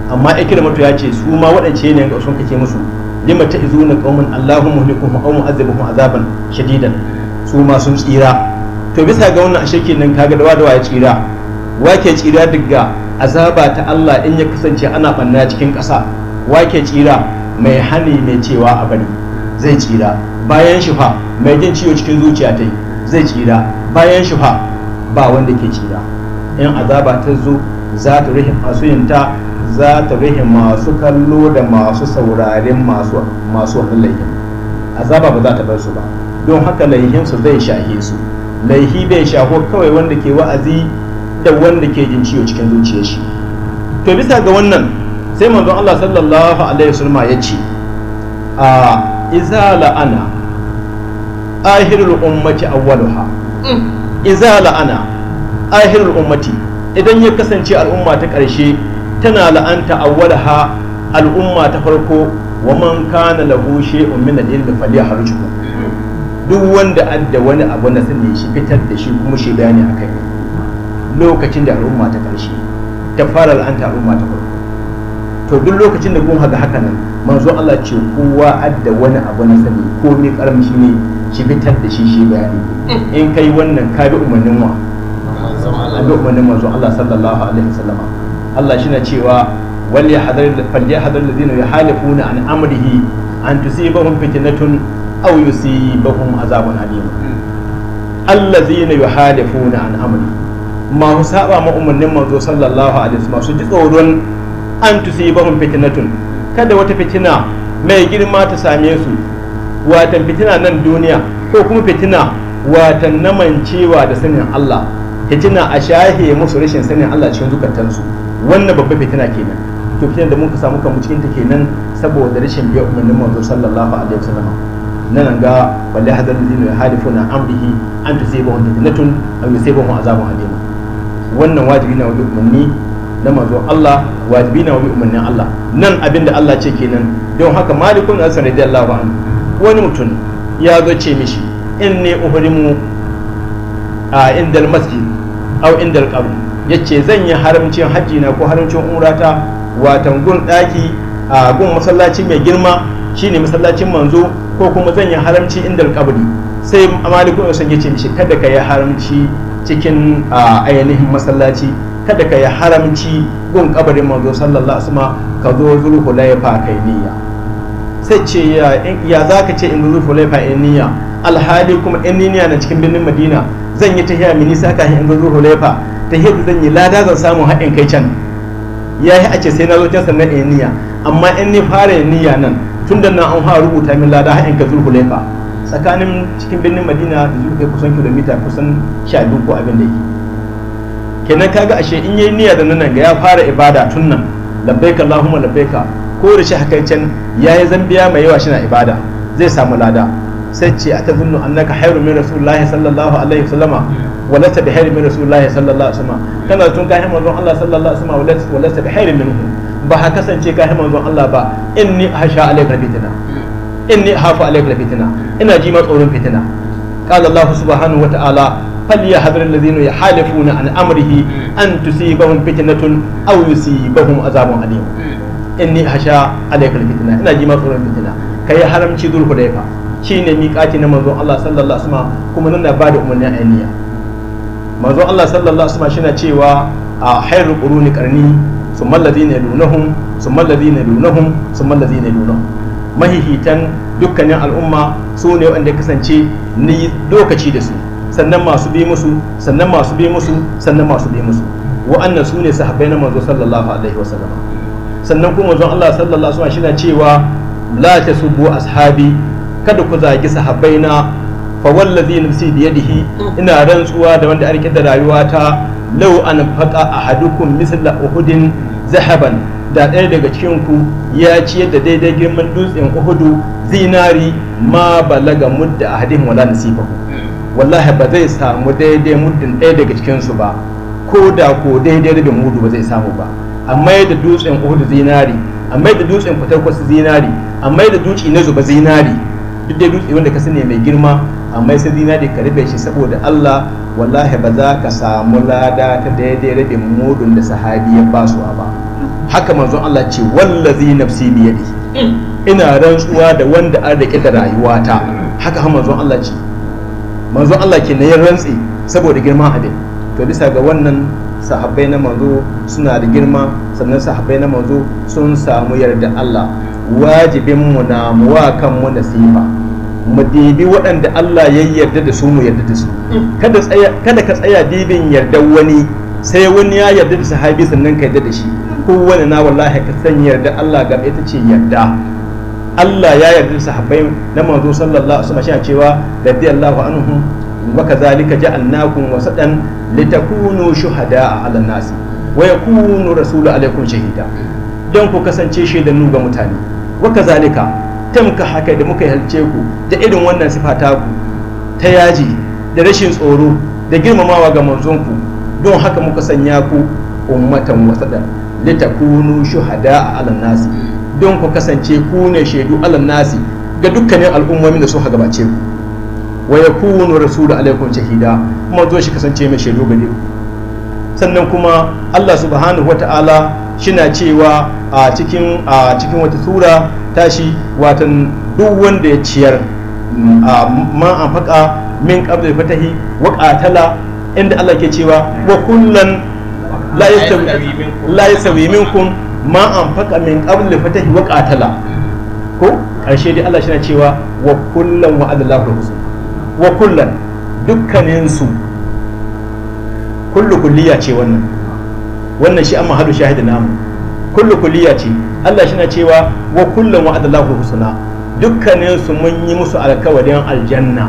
amma ikrimatu ya ce su ma waɗance ne sun kake musu lima ta allahun qauman allahu muhlikuhum aw mu'azzibuhum azaban shadidan su ma sun tsira to bisa ga wannan ashe nan kaga dawa dawa ya tsira wake tsira daga azaba ta Allah in ya kasance ana banna cikin ƙasa wake tsira mai hani mai cewa a bari zai tsira bayan shifa mai jin ciwo cikin zuciya ta zai tsira bayan shifa ba wanda ke ci da, in azaba ta zo za ta rihin asuyinta za ta rihin masu kallo da masu sauraren masu masu laihin azaba ba za ta bar su ba don haka laihin su zai shahe su laihi bai shaho kawai wanda ke wa'azi da wanda ke jin ciwo cikin zuciyar shi to bisa ga wannan sai manzon Allah sallallahu alaihi wasallam ya ce a izala la'ana ahirul ummati awwaluha mm. iza la'ana ahirul ummati idan ya kasance al'umma ta ƙarshe tana la'anta awwalaha al'umma ta farko wa man kana lahu shay'un min al-ilmi falyahrujhu duk wanda adda wani abu na sani shi fitar da shi kuma shi bayani akai lokacin da al'umma ta ƙarshe ta fara la'anta al'umma ta farko to duk lokacin da kun haga haka nan manzo Allah ce kowa adda wani abu na sani komai karamin shi ne jibitar da shi shi bayani in kai wannan ka bi umarnin wa a bi umarnin manzo Allah sallallahu alaihi wasallama Allah shi na cewa wal yahdhar fal yahdhar alladhina yuhalifuna an amrihi an tusibahum fitnatun aw yusibahum azabun alim alladhina yuhalifuna an amri ma su saba ma umarnin manzo sallallahu alaihi wasallam su ji tsoron an tusibahum fitnatun kada wata fitina mai girma ta same su watan fitina nan duniya ko kuma fitina watan na mancewa da sanin Allah fitina a shahe musu rashin sanin Allah cikin zukatansu wannan babban fitina kenan to fitina da muka samu kanmu cikin ta kenan saboda rashin biyan umarnin manzo sallallahu alaihi wasallam nan ga wallahi hadal ladina na amrihi an tusibahum fitnatun aw yusibahum azabun alim wannan wajibi na wajibi umarni na manzo Allah wajibi na wajibi umarnin Allah nan abinda Allah ce kenan don haka malikun asan radiyallahu anhu wani mutum ya zo ce mishi in ne uhurimu a indal masjid au indal qabr ce zan yi haramcin hajji na ko haramcin umrata watan gun daki a gun masallaci mai girma shine masallacin manzo ko kuma zan yi haramci indal qabri sai yau ya ce mishi kada ka yi haramci cikin ainihin masallaci kada ka yi haramci gun kabarin manzo sallallahu alaihi wasallam ka zo zurhu la ya fa kai niyya sai ce ya za ka ce in zuzu hulaifa yan niyya alhali kuma yan niyya na cikin birnin madina zan yi tahiya mini saka aka in zuzu hulaifa ta da zan yi lada zan samu haɗin kai can ya yi a ce sai na zo can sannan yan niyya amma in ni fara yan niyya nan tun da na an fara rubuta min lada haɗin kai zuzu hulaifa tsakanin cikin birnin madina da zuzu kai kusan kilomita kusan sha biyu ko abin da yake kenan kaga ashe in yi niyya da nan ga ya fara ibada tun nan labbaika allahumma labbaika ko da shi hakancin ya yi zambiya mai yawa shi na ibada zai samu lada sai ce a tazunnu annaka hayru min rasulullahi sallallahu alaihi wasallama walasta bi hayru min rasulullahi sallallahu alaihi wasallama kana tun kai manzon Allah sallallahu alaihi wasallama walasta bi hayru minhu ba ha kasance kai manzon Allah ba inni hasha alaika fitna inni hafu alaika fitna ina ji ma tsoron fitina qala Allah subhanahu wa ta'ala فليحذر الذين يحالفون عن امره ان تصيبهم فتنه او يصيبهم عذاب اليم inni hasha alaikal fitna ina ji ma tsoron fitina kai haramci dul hudayfa shine miƙati na manzon Allah sallallahu alaihi wasallam kuma nan na da umarni a niyya manzon Allah sallallahu alaihi wasallam shine cewa a hayru quruni qarni summa alladhina yalunhum summa alladhina yalunhum summa alladhina yalunhum mahihitan dukkanin al'umma su ne wanda kasance ni lokaci da su sannan masu bi musu sannan masu bi musu sannan masu bi musu wa'annan su ne sahabbai na manzo sallallahu alaihi wasallam sannan kuma zuwa Allah sallallahu alaihi wasallam cewa la tasubbu ashabi kada ku zagi sahabbaina fa wallazi nafsi bi yadihi ina rantsuwa da wanda arke da rayuwata law an faqa ahadukum misla uhudin zahaban da ɗaya daga cikin ya ci da daidai girman dutsen uhudu zinari ma balaga mudda ahadin wala nasifahu wallahi ba zai samu daidai muddin ɗaya daga cikinsu ba ko da ko daidai rabin mudu ba zai samu ba a mai da dutsen uhud zinari a mai da dutsen kwatarkwas zinari a mai da dutse na zuba zinari duk dai dutse wanda ka sani mai girma a mai sai zinari ka rufe shi saboda Allah wallahi ba za ka samu lada ta daidai rabin mudun da sahabi ya basuwa ba haka manzo Allah ce wallazi nafsi yadi ina rantsuwa da wanda an rike da rayuwata haka har Allah ce manzo Allah ke na yin rantsi saboda girman abin to bisa ga wannan sahabbai na manzo suna da girma sannan sahabbai na manzo sun samu yarda Allah wajibin mu na muwa kan mu nasifa mu dibi waɗanda Allah ya yarda da su mu yarda da su kada ka tsaya dibin yarda wani sai wani ya yarda da sahabi sannan ka yarda da shi Ko wani na wallahi ka san yarda Allah ga ita ce yarda Allah ya yarda da sahabbai na manzo sallallahu alaihi wasallam cewa radiyallahu anhu wasu ɗan ja'alnakum wasadan litakunu a 'alan nasi Waya yakunu rasulu alaikum shahida don ku kasance shaidannu ga mutane zalika ta tamka haka da muka halce ku da irin wannan sifa ta ku ta yaji da rashin tsoro da girmamawa ga manzonku don haka muka sanya ku ummatan wasadan litakunu a 'alan nasi don ku kasance ku ne shaidu 'alan nasi ga dukkanin al'ummomin da suka gabace ku wa rasu rasulu alaikun shahida kuma zo shi kasance mai shaidu gare ku sannan kuma Allah subhanahu wa shina cewa a cikin a cikin wata sura tashi watan duk wanda ya ciyar ma an faƙa min qabla fatahi wa qatala inda Allah ke cewa wa kullan la yastawi la min minkum ma an faƙa min qabla fatahi wa qatala ko ƙarshe dai Allah shi na cewa wa kullum wa adallahu wa kullan dukkaninsu kullu kulliya ce wannan wannan shi amma hadu shahidin namu kullu kulliya ce Allah shi na cewa wa kullum wa ku husna dukkaninsu mun yi musu alkawarin aljanna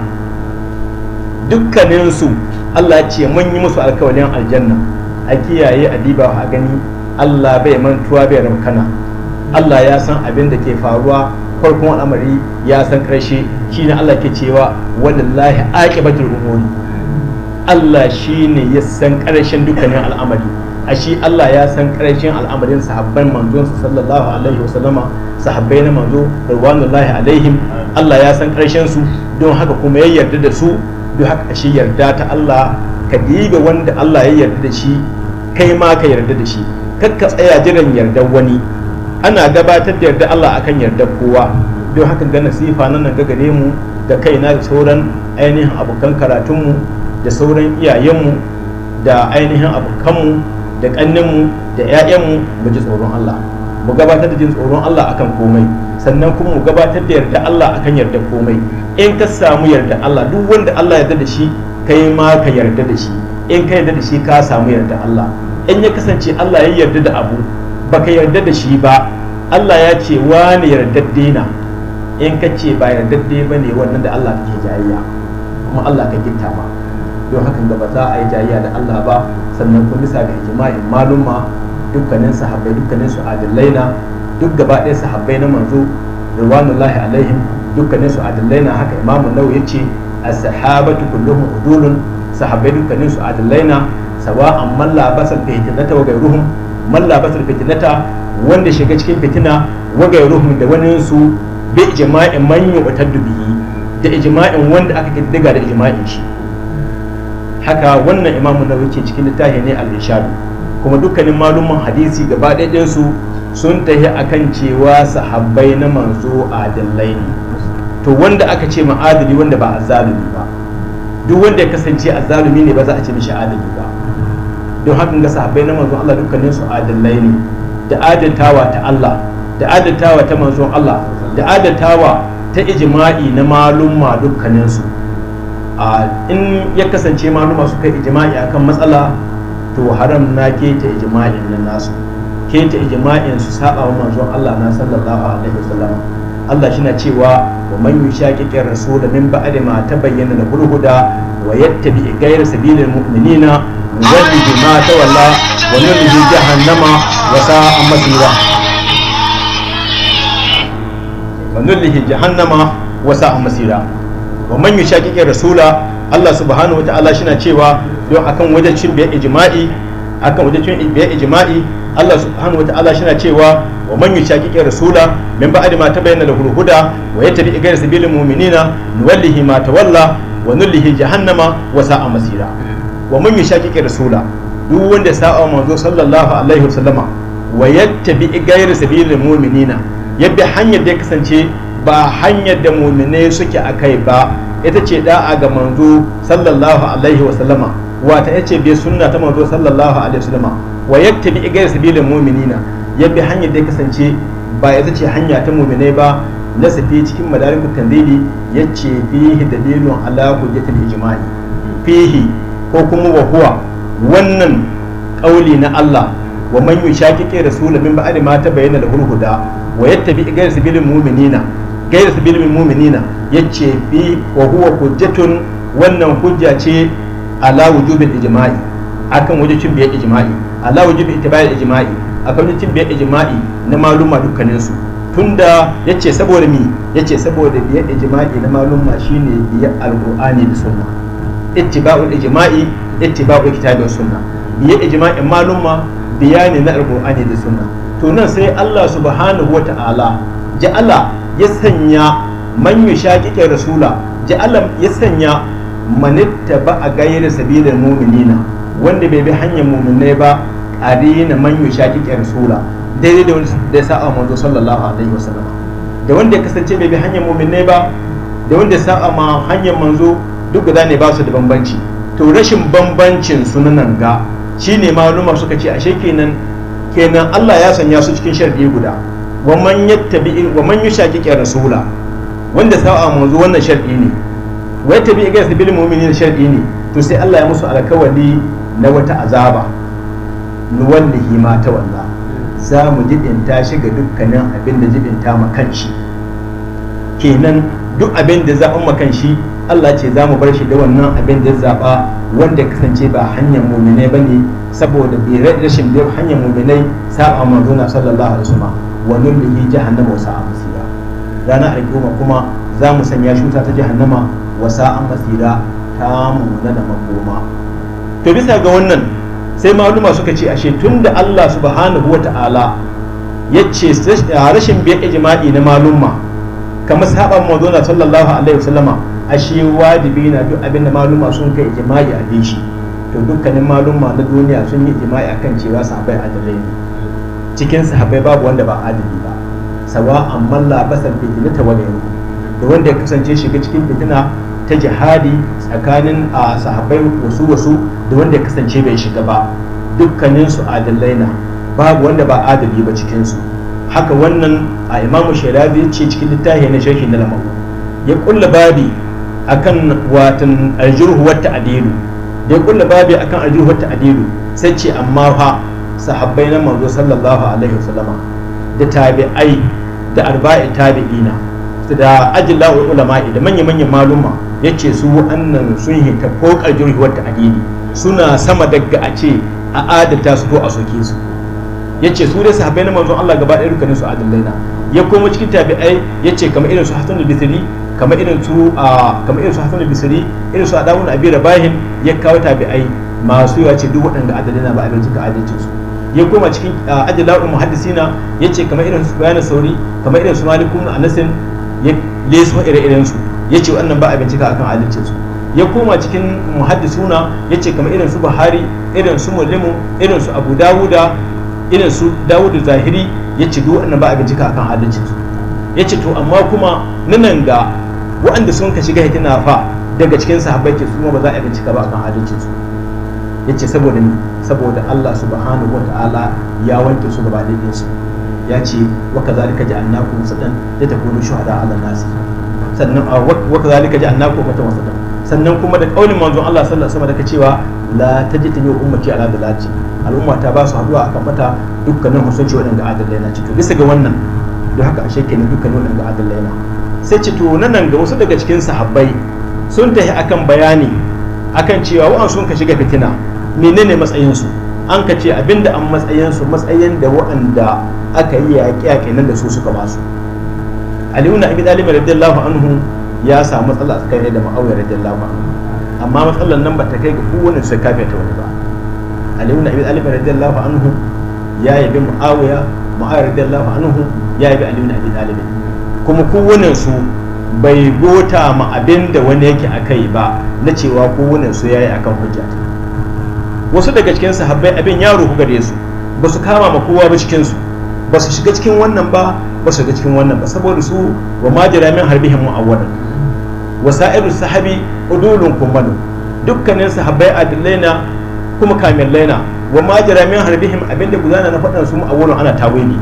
dukkaninsu Allah ce mun yi musu alkawarin aljanna a kiyaye a diba a gani Allah bai mantuwa bai ramkana Allah ya san abin da ke faruwa farkon al'amari ya san ƙarshe ne Allah ke cewa wallahi aqibatul umuri Allah shi ne ya san karshen dukkanin al'amari a shi Allah ya san ƙarshen al'amarin sahabban manzon sallallahu alaihi wasallama sahabbai na manzo radwanullahi alaihim Allah ya san ƙarshen su don haka kuma ya yarda da su don haka shi yarda ta Allah ka diga wanda Allah ya yarda da shi kai ma ka yarda da shi kakka tsaya jiran yardar wani ana gabatar da yarda Allah akan yarda kowa don haka ga nasifa nan ga gare mu da kaina da sauran ainihin abokan karatunmu da sauran iyayenmu da ainihin abokanmu da ƙanninmu da 'ya'yanmu mu ji tsoron Allah mu gabatar da jin tsoron Allah akan komai sannan kuma mu gabatar da yarda Allah akan yarda komai in ka samu yarda Allah duk wanda Allah yarda da shi kai ma ka yarda da shi in ka yarda da shi ka samu yarda Allah in ya kasance Allah ya yarda da abu baka yarda da shi ba Allah ya ce wani yardadde na in ka ce ba yardadde ba ne wannan da Allah ke jayayya kuma Allah ka gitta ma don hakan da ba za a yi jayayya da Allah ba sannan kuma bisa ga ijma'in maluma dukkanin sahabbai dukkanin su adillai na duk gaba ɗaya sahabbai na manzo rawanullahi alaihim dukkanin su adillai na haka imamu nawawi yace as-sahabatu kulluhum udulun sahabbai dukkanin su adillai na sawa'an man labasa al-fitnata wa ghayruhum malla fitinata fitinata wanda shiga cikin fitina waga ruhun da wani su bi ijima'in man yu'taddu bihi da ijima'in wanda aka kiddiga da ijima'in shi haka wannan imamu na wuce cikin littafi ne al-irshad kuma dukkanin malumman hadisi gaba ɗaya su sun tahi kan cewa sahabbai na manzo adalai ne to wanda aka ce ma adali wanda ba zalumi ba duk wanda ya kasance azzalumi ne ba za a ce mishi adali ba don haka ga sahabbai na manzon Allah dukkanin su adalai ne da adaltawa ta Allah da adaltawa ta manzon Allah da adaltawa ta ijma'i na malumma dukkanin su in ya kasance maluma suka ijma'i akan matsala to haram na keta ijma'in na nasu keta ijma'in su saba wa manzon Allah na sallallahu alaihi wasallam Allah shi na cewa wa man yushaqiqir rasul min ba'di ma tabayyana lahu huda wa yattabi ghayra sabilil mu'minina zai ta walla wani وبئس ما تولى ونعمه جهنم وساء مصيرا ونعمه جهنم وساء مصيرا ومن يشاكك rasula Allah subhanahu wa ta'ala shina cewa don akan wajacin bai ijma'i akan wajacin bai ijma'i Allah subhanahu wa ta'ala shina cewa wa man yushaqiqi rasula min ba'di ma tabayyana lahu huda wa yattabi ghayra sabilil mu'minina nuwallihi ma tawalla wa nullihi jahannama wasa sa'a masira wa man yushaqiqi rasula duk wanda sa'a manzo sallallahu alaihi wasallama wa yattabi ghayra sabilil mu'minina yabbi hanyar da ya kasance ba hanyar da mu'minai suke akai ba ita ce da'a ga manzo sallallahu alaihi wasallama wata yace bi sunna ta manzo sallallahu alaihi wasallama wa yattabi ghayra sabilil mu'minina yabbi hanyar da ya kasance ba ita ce hanya ta mu'minai ba na nasafi cikin madarikul tanzili yace fihi dalilun ala hujjatil ijma'i fihi ko kuma wa huwa wannan kauli na Allah wa man yushaqiqi rasula min ba'di ma tabayyana lahu huda wa yattabi ghayra sabilil mu'minina ghayra sabilil mu'minina yace bi wa huwa hujjatun wannan hujja ce ala wujubil ijma'i akan wujubin biyar ijma'i ala wajibin ittibai ijma'i akan wujubin biyar ijma'i na maluma dukkanin su tunda yace saboda mi yace saboda biyar ijma'i na maluma shine biyar alqur'ani da sunna ittiba'ul ijma'i ittiba'ul kitabin sunna yi ijma'in malumma bayani na alqur'ani da sunna to nan sai Allah subhanahu wata'ala ja'ala ya sanya man yushaqiqa rasula ja'ala ya sanya man ba a sabilil mu'minina wanda bai bi hanyar mu'minai ba arina man yushaqiqa rasula daidai da wanda sa'a manzo sallallahu alaihi wasallam da wanda ya kasance bai bi hanyar mu'minai ba da wanda ya sa'a ma hanyar manzo duk guda ne ba su da bambanci to rashin bambancin sunanan ga shine maluma suka ce ashe kenan kenan Allah ya sanya su cikin sharadi guda wa man yattabi wa man yushaqiqi rasula wanda sa'a manzo wannan sharɗi ne wa yattabi ga sabil mu'minin sharadi ne to sai Allah ya musu alkawali na wata azaba wallahi ma ta wallah za mu jidin ta ga dukkanin abin da ta makanci kenan duk abin da za mu Allah ce za mu bar shi da wannan abin da zaba wanda kasance ba hanyar muminai ba ne saboda bai rashin biyar hanyar muminai sa'a manzona sallallahu alaihi wasallam wa nullihi jahannama wasa a masira ranar alƙiyama kuma za mu sanya shuta ta jahannama wasa a masira ta muna da makoma to bisa ga wannan sai maluma suka ce ashe tunda Allah subhanahu wa ta'ala ya rashin biyar ijma'i na malumma kamar saban mazola sallallahu alaihi wasallama shi wajibi na duk abin da maluma sun kai jima'i a bishi to dukkanin maluma na duniya sun yi jima'i akan cewa sahabbai adalai ne cikin sahabbai babu wanda ba adali ba sawa amman basar fitina ta wani da wanda ya kasance shiga cikin fitina ta jihadi tsakanin a sahabbai wasu wasu da wanda ya kasance bai shiga ba dukkaninsu adalai na babu wanda ba adali ba cikinsu haka wannan a imamu sharabi ya ce cikin littafi na shaikh na lamar ya kulla babi akan watan aljurhu wata adilu da ya kulla babi akan aljurhu wata adilu sai ce amma fa sahabbai na manzo sallallahu alaihi wasallama da tabi'ai da arba'i tabi'ina da ajillahu ulama'i da manya manyan maluma yace su annan sun hita ko aljurhu wata adilu suna sama daga a ce a adata su ko a soke su ya ce su dai sahabbai na manzon Allah gaba ɗaya dukkanin su adillai na ya koma cikin tabi'ai ce kamar irin su Hassan da bisiri kamar irin su kamar irin su da al irin su ya kawo tabi'ai masu yawa ce duk waɗanda adillai na ba bin cika adalcin su ya koma cikin ajilaul muhaddisina ce kamar irin su bayanin sauri kamar irin su malikum na anasin ya leso ire-iren su ce wannan ba a bincika akan adalcin su ya koma cikin muhaddisuna ce kamar irin su buhari irin su mulimu irin su abu dawuda irin su da zahiri ya ce duk wannan ba a bincika akan haliccin su ya ce to amma kuma nan ga waɗanda sun ka shiga hitina fa daga cikin sahabbai ke su ba za a bincika ba akan haliccin su ya ce saboda ni saboda Allah subhanahu wata'ala ya wanke su gaba da su ya ce wa kazalika ja'alnakum sadan ya wani shuhada ala nasi sannan wa ji annaku mata wasadan sannan kuma da kaulin manzon Allah sallallahu alaihi wasallam da ka cewa la tajidu ummati ala dalati al'umma ta ba su haduwa akan bata dukkanin musulunci waɗanda adalai na ci bisa ga wannan don haka ashe kenan dukkanin waɗanda adalai na sai ci to nan ga wasu daga cikin sahabbai sun tafi akan bayani akan cewa wa'an sun ka shiga fitina menene matsayinsu an ka ce abinda an matsayinsu matsayin da wa'anda aka yi yaƙi a kenan da su suka ba su aliyu na abi dalibin radiyallahu anhu ya samu matsala a tsakanin da ma'auyar radiyallahu anhu amma matsalar nan ba ta kai ga kowane su kafe ta wani ba Aliyu na abi talib radiyallahu anhu ya yabi muawiya muawiya radiyallahu anhu ya yabi aliyu na abi talib kuma kowannen su bai bota ma abin da wani yake akai ba na cewa kowannen su yayi akan hujja wasu daga cikin sahabbai abin ya ruhu gare su ba su kama ma kowa ba cikin su ba su shiga cikin wannan ba ba su shiga cikin wannan ba saboda su wa majira min harbihim mu'awwalan wasa'iru sahabi udulun kumalu dukkanin sahabbai adillai na kuma kamin laina wa ma jara min harbihim abinda gudana na faɗan su a wurin ana tawili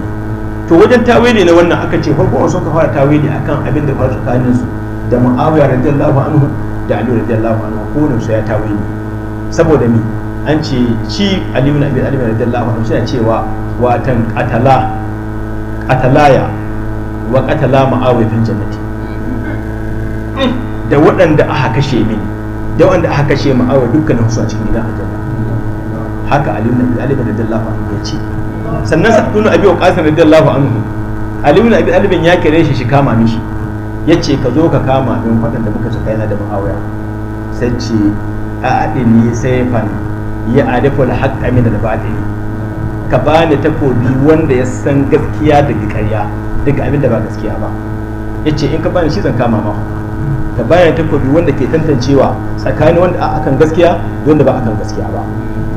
to wajen tawili na wannan aka ce farko an suka fara tawili akan abinda da faru tsakanin su da mu'awiya radiyallahu anhu da ali radiyallahu anhu ko su ya tawili saboda ni an ce shi ali ibn abi talib radiyallahu anhu suna cewa watan qatala qatalaya wa qatala mu'awiya fil jannati da waɗanda aka kashe mini da waɗanda aka kashe mu'awiya dukkanin su a cikin gidan aljanna haka ali ibn abi talib radiyallahu anhu ya ce ah. sannan sa'd ibn abi waqas radiyallahu anhu ali ibn abi talib ya kare shi shi kama mishi yace ka zo ka kama min fadan da muka yana da muawiya sai ce a adini fa ya arifu al-haqqa min al-batil ka bani takobi wanda ya san gaskiya daga ƙarya daga abin da ba gaskiya ba yace in ka bani shi zan kama ma ka bani takobi wanda ke tantancewa tsakanin wanda akan gaskiya da wanda ba akan gaskiya ba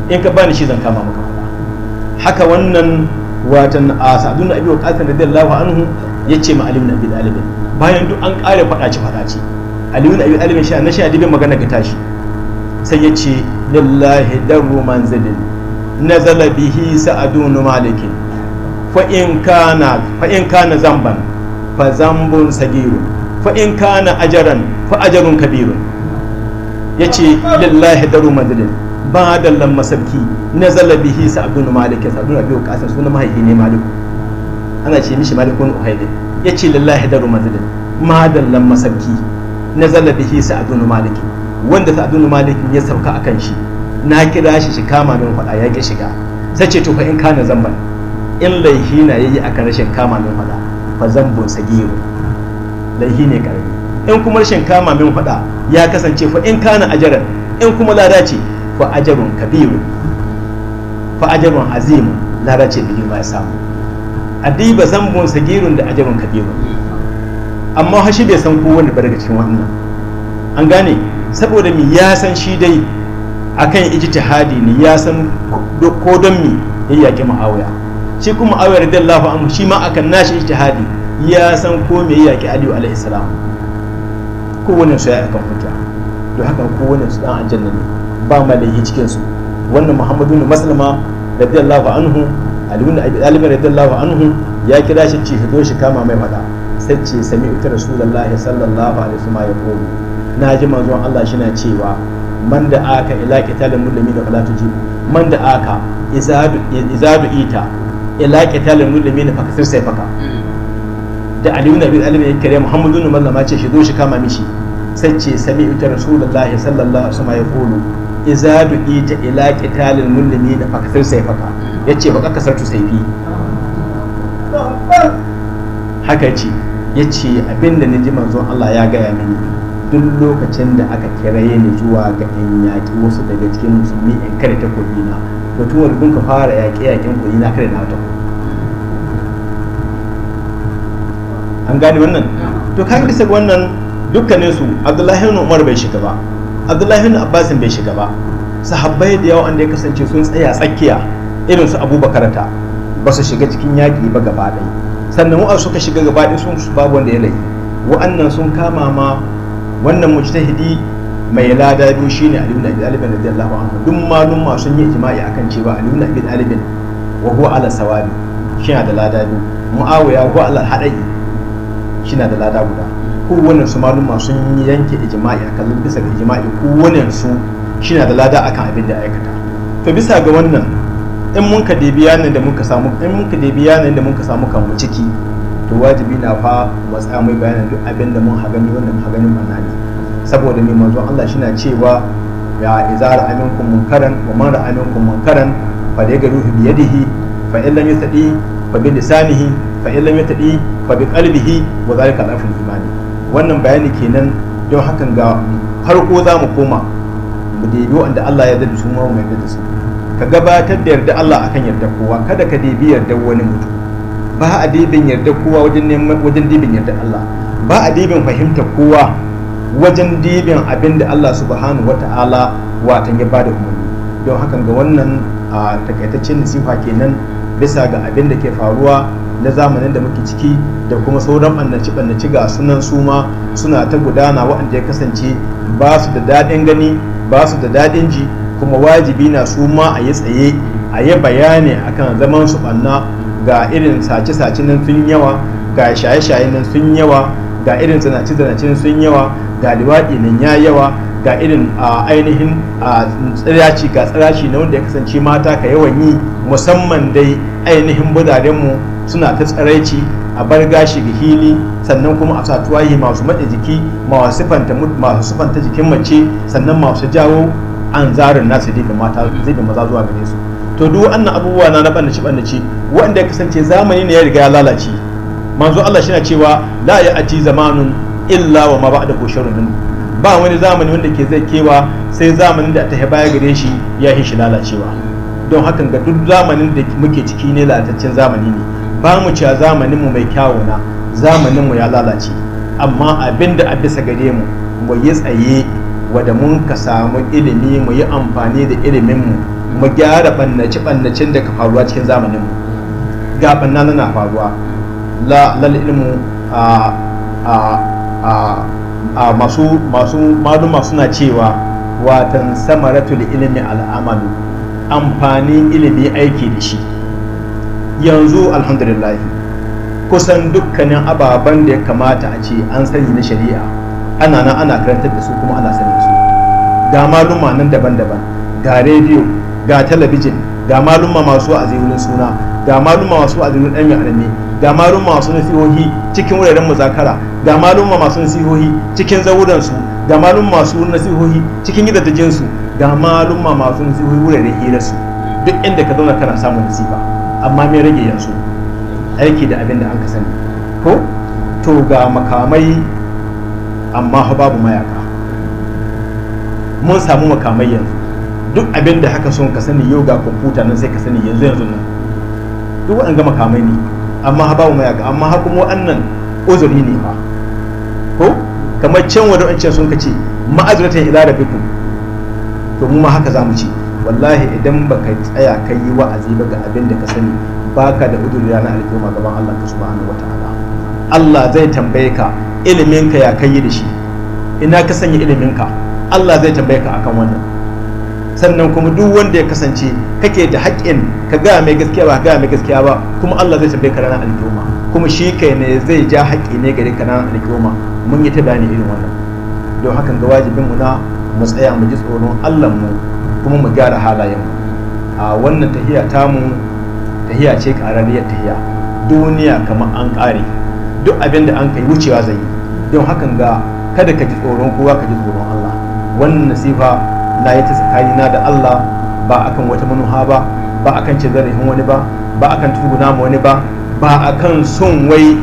in ka bani shi zan kama maka kuma haka wannan watan a sa'adun na abuwa k'asar da dallahu anhu ya ce ma alimin da dalibin bayan duk an ƙare faɗaci faɗaci alimin da dalibin sha na sha dibin magana ga tashi sai ya ce lillahi darru manzilin nazala bihi sa'adun malikin fa in kana fa in kana zamban fa zambun sagiru fa in kana ajaran fa ajarun kabirun yace lillahi darru manzilin ba da lan masabki na zalabihi sa'adun malik sa'adun biyu kasar suna mahaifi ne malik ana ce mishi malikun Ya ce lallahi daru madalin ma masarki lan masabki na zalabihi sa'adun malik wanda sa'adun malik ya sauka a kan shi na kira shi shi kama min fada ya ƙi shiga sai ce to fa in kana zamban in laihi na yayi kan rashin kama min fada fa zambun sagiru laihi ne karami in kuma rashin kama min fada ya kasance fa in kana ajaran in kuma lada ce fa ajabun kabiru fa ajabun azimu Larace biyu ma ya samu zan zambun sagirun da ajabun kabiru amma hashi bai san kowanne ba daga cikin wannan an gane saboda mi ya san shi dai akan ijtihadi ne ya san ko don mi ya yaki muawiya shi kuma muawiya radiyallahu anhu shi ma akan nashi ijtihadi ya san ko me ya yaki aliyu alaihi salam kowanne su ya akan hujja don haka ne su dan aljanna ne ba ma malayi cikin su wannan muhammadu bin maslama radiyallahu anhu ali bin abi talib radiyallahu anhu ya kira shi ci fito shi kama mai fada sai ce sami ita rasulullahi sallallahu alaihi wasallam ya koyo na ji manzon Allah shi na cewa man da aka ila qitalil mulmin da falatu ji man da aka izadu izadu ita ila qitalil mulmin da fakasir sai faka da ali bin abi talib ya kira muhammadu bin maslama ce shi zo shi kama mishi sai ce sami ita rasulullahi sallallahu alaihi wasallam ya koyo izadu ita ila qitalil mulmina fakasir sayfaka yace baka kasartu saifi. haka ce yace abinda naji manzo Allah ya gaya mini duk lokacin da aka kiraye ni zuwa ga yan yaki wasu daga cikin musulmi in kare takobi na batun wani kun ka fara yaƙe yaƙen koyi na kare na wata an gane wannan to kan bisa wannan dukkaninsu abdullahi ibn umar bai shiga ba abdullahi bin abbasin bai shiga ba sahabbai da yawa wanda ya kasance sun tsaya tsakiya irin su abubakar ta ba su shiga cikin yaƙi ba gaba ɗaya sannan wa'a suka shiga gaba ɗaya sun su babu wanda ya laifi wa'annan sun kama ma wannan mujtahidi mai lada biyu shine Ali ibn Abi Talib radiyallahu anhu duk malum ma sun yi ijma'i akan cewa Ali ibn Abi Talib wa huwa ala sawabi shina da lada biyu Muawiya huwa ala hadai shina da lada guda kowane su maluma sun yanke a kallon bisa ga ijma'i kowane su shi na da lada akan abin da aikata to bisa ga wannan in mun ka debi yanayin da mun ka samu in mun ka debi yanayin da mun ka samu kan ciki to wajibi na fa matsa mai bayanin duk abin da mun hagani wannan mun hagani mana ne saboda mai manzon Allah shi na cewa ya izara aminkum munkaran wa man ra'a minkum munkaran fa da garuhu bi yadihi fa in lam yastati fa bi lisanihi fa in lam yastati fa bi qalbihi wa zalika al-afdal imani wannan bayani kenan don hakan ga farko za mu koma mu daidai wanda Allah ya zai su ma mu yarda da su ka gabatar da yarda Allah akan yarda kowa kada ka daidai yarda wani mutum ba a daidai yarda kowa wajen neman wajen yarda Allah ba a dibin fahimta kowa wajen dibin abin da Allah subhanahu wata'ala watan ya bada umarni don hakan ga wannan a takaitaccen nasiha kenan bisa ga abin da ke faruwa na zamanin da muke ciki da kuma sauran annaci ɓannaci ga sunan suma suna ta gudana waɗanda ya kasance ba su da daɗin gani ba su da daɗin ji kuma wajibi na suma a yi tsaye a yi bayani akan zaman su ɓanna ga irin sace-sace nan sun yawa ga shaye-shaye nan sun yawa ga irin zanace-zanace sun yawa ga liwaɗi nan ya yawa ga irin ainihin tsiraci ga tsiraci na wanda ya kasance mata ka yawan yi musamman dai ainihin mu suna ta tsaraici a bar gashi ga hili sannan kuma a sa tuwaye masu matse jiki masu sufanta jikin mace sannan masu jawo an zarin nasu zai mata zai da maza zuwa gare su to duk wannan abubuwa na na bannaci bannaci wanda ya kasance zamani ne ya riga ya lalace manzo Allah shi na cewa la ya ati zamanun illa wa ma ba'da gusharun min ba wani zamani wanda ke zai kewa sai zamanin da ta baya gare shi ya shi lalacewa don hakan ga duk zamanin da muke ciki ne lalataccen zamani ne ba mu cewa zamaninmu mai kyawuna zamaninmu ya lalace amma abin da a bisa gare mu mu yi tsaye wadda mun ka samu ilimi mu yi amfani da iliminmu mu gyara bannaci bannacin da ka faruwa cikin zamaninmu ga banna na faruwa lal a masu masu maluma suna cewa watan samaratul ilimin al'amalu amfanin ilimin aiki da shi yanzu alhamdulillah kusan dukkanin ababen da ya kamata a ce an sani na shari'a ana nan ana karantar da su kuma ana sanin su ga maluma nan daban-daban ga rediyo ga talabijin ga maluma masu a suna ga maluma masu a wurin ɗan mai ga maluma masu nasihohi cikin wuraren muzakara ga maluma masu nasihohi cikin zawuransu ga maluma masu nasihohi cikin gidajen su ga maluma masu nasihohi wuraren hirarsu duk inda ka zauna kana samun nasiba amma mai rage yanzu aiki da abin da an ka sani ko to ga makamai amma babu mayaka mun samu makamai yanzu duk abin da haka son ka sani yau ga kwamfuta nan sai ka sani yanzu yanzu nan duk ga makamai ne amma ha babu mayaka amma ha kuma waɗannan uzuri ne ba ko kamar can wadda wancan sun ka ce ma'azuratan idara da fiku to mu ma haka za mu ce wallahi idan baka tsaya ka yi wa'azi ba ga abin da ka sani baka da uduri ranar alkiyama gaban Allah ka subhanahu wata'ala Allah zai tambaye ka ilimin ka ya kai da shi ina ka sanya ilimin ka Allah zai tambaye ka akan wannan sannan kuma duk wanda ya kasance kake da haƙƙin ka ga mai gaskiya ba ga mai gaskiya ba kuma Allah zai tambaye ka ranar alkiyama kuma shi kai ne zai ja haƙƙi ne gare ka ranar alkiyama mun yi ta bayani irin wannan don hakan ga wajibin na mu tsaya mu ji tsoron Allah mu kuma mu gyara halayen a wannan tahiya mu, tahiya ce ƙararriyar tahiya duniya kamar an ƙare duk abin da an kai wucewa zai yi don hakan ga kada ka ji tsoron kowa ka ji tsoron Allah wannan nasifa na yi ta na da Allah ba akan wata manuha ba ba akan ce zarafin wani ba ba akan tuguna ma wani ba ba akan son wai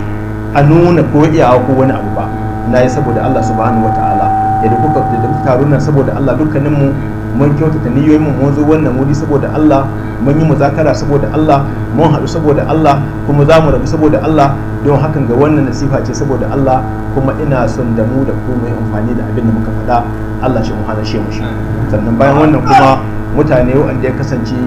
a nuna ko iyawa ko wani abu ba na yi saboda Allah subhanahu wataala yadda kuka taru na saboda Allah dukkaninmu mun kyautata niyoyin mu mun zo wannan wuri saboda Allah mun yi muzakara saboda Allah mun haɗu saboda Allah kuma za mu rabu saboda Allah don hakan ga wannan nasifa ce saboda Allah kuma ina son da mu da ku mu amfani da abin da muka faɗa Allah shi mu hana shi mu shi sannan bayan wannan kuma mutane wanda ya kasance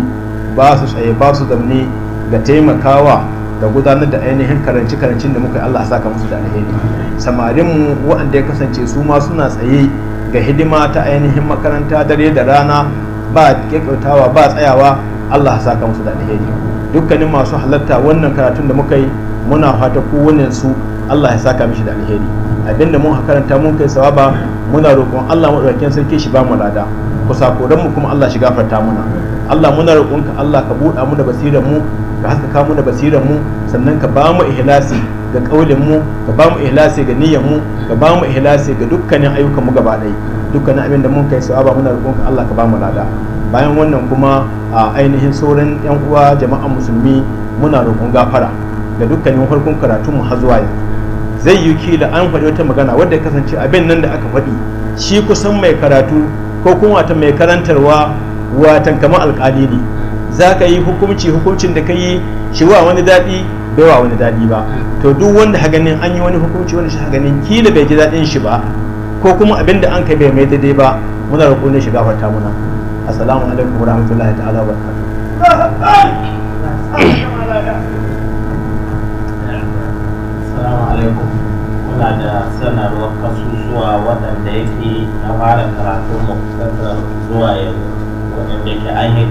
ba su tsaye ba su zamne ga taimakawa da gudanar da ainihin karanci-karancin da muka yi Allah saka musu da alheri samarinmu waɗanda ya kasance su ma suna tsaye ga hidima ta ainihin makaranta dare da rana ba kyakkyautawa ba tsayawa Allah ya saka musu da alheri dukkanin masu halatta wannan karatun da muka yi muna fata kowane su Allah ya saka mishi da alheri abinda mun karanta mun kai sawaba muna roƙon Allah maɗaukakin sarki shi ba mu lada kusa mu kuma Allah shi gafarta muna Allah muna ka Allah ka buɗa mu da basirar mu ka haka ka mu da mu sannan ka ba mu ihlasi ga kaulin mu ka ba mu ihlasi ga niyyar mu ka ba mu ihlasi ga dukkanin ayyukan mu gaba ɗaya dukkanin abin da mun kai sa'aba muna roƙon ka Allah ka ba mu lada bayan wannan kuma a ainihin sauran yan uwa jama'an musulmi muna roƙon gafara ga dukkanin farkon karatun mu har zuwa zai yi kila an faɗi wata magana wadda ya kasance abin nan da aka faɗi shi kusan mai karatu ko kuma wata mai karantarwa watan kamar alƙali ne za ka yi hukumci hukuncin da ka yi shi wa wani daɗi bai wa wani daɗi ba to duk wanda haganin an yi wani hukunci wanda shi haganin kila bai ji daɗin shi ba ko kuma abin da an kai bai mai daidai ba muna roƙo ne shi gafarta muna assalamu alaikum wa rahmatullahi ta'ala wa alaikum muna da sanarwar kasusuwa waɗanda yake na fara karatun mu zuwa yanzu waɗanda yake an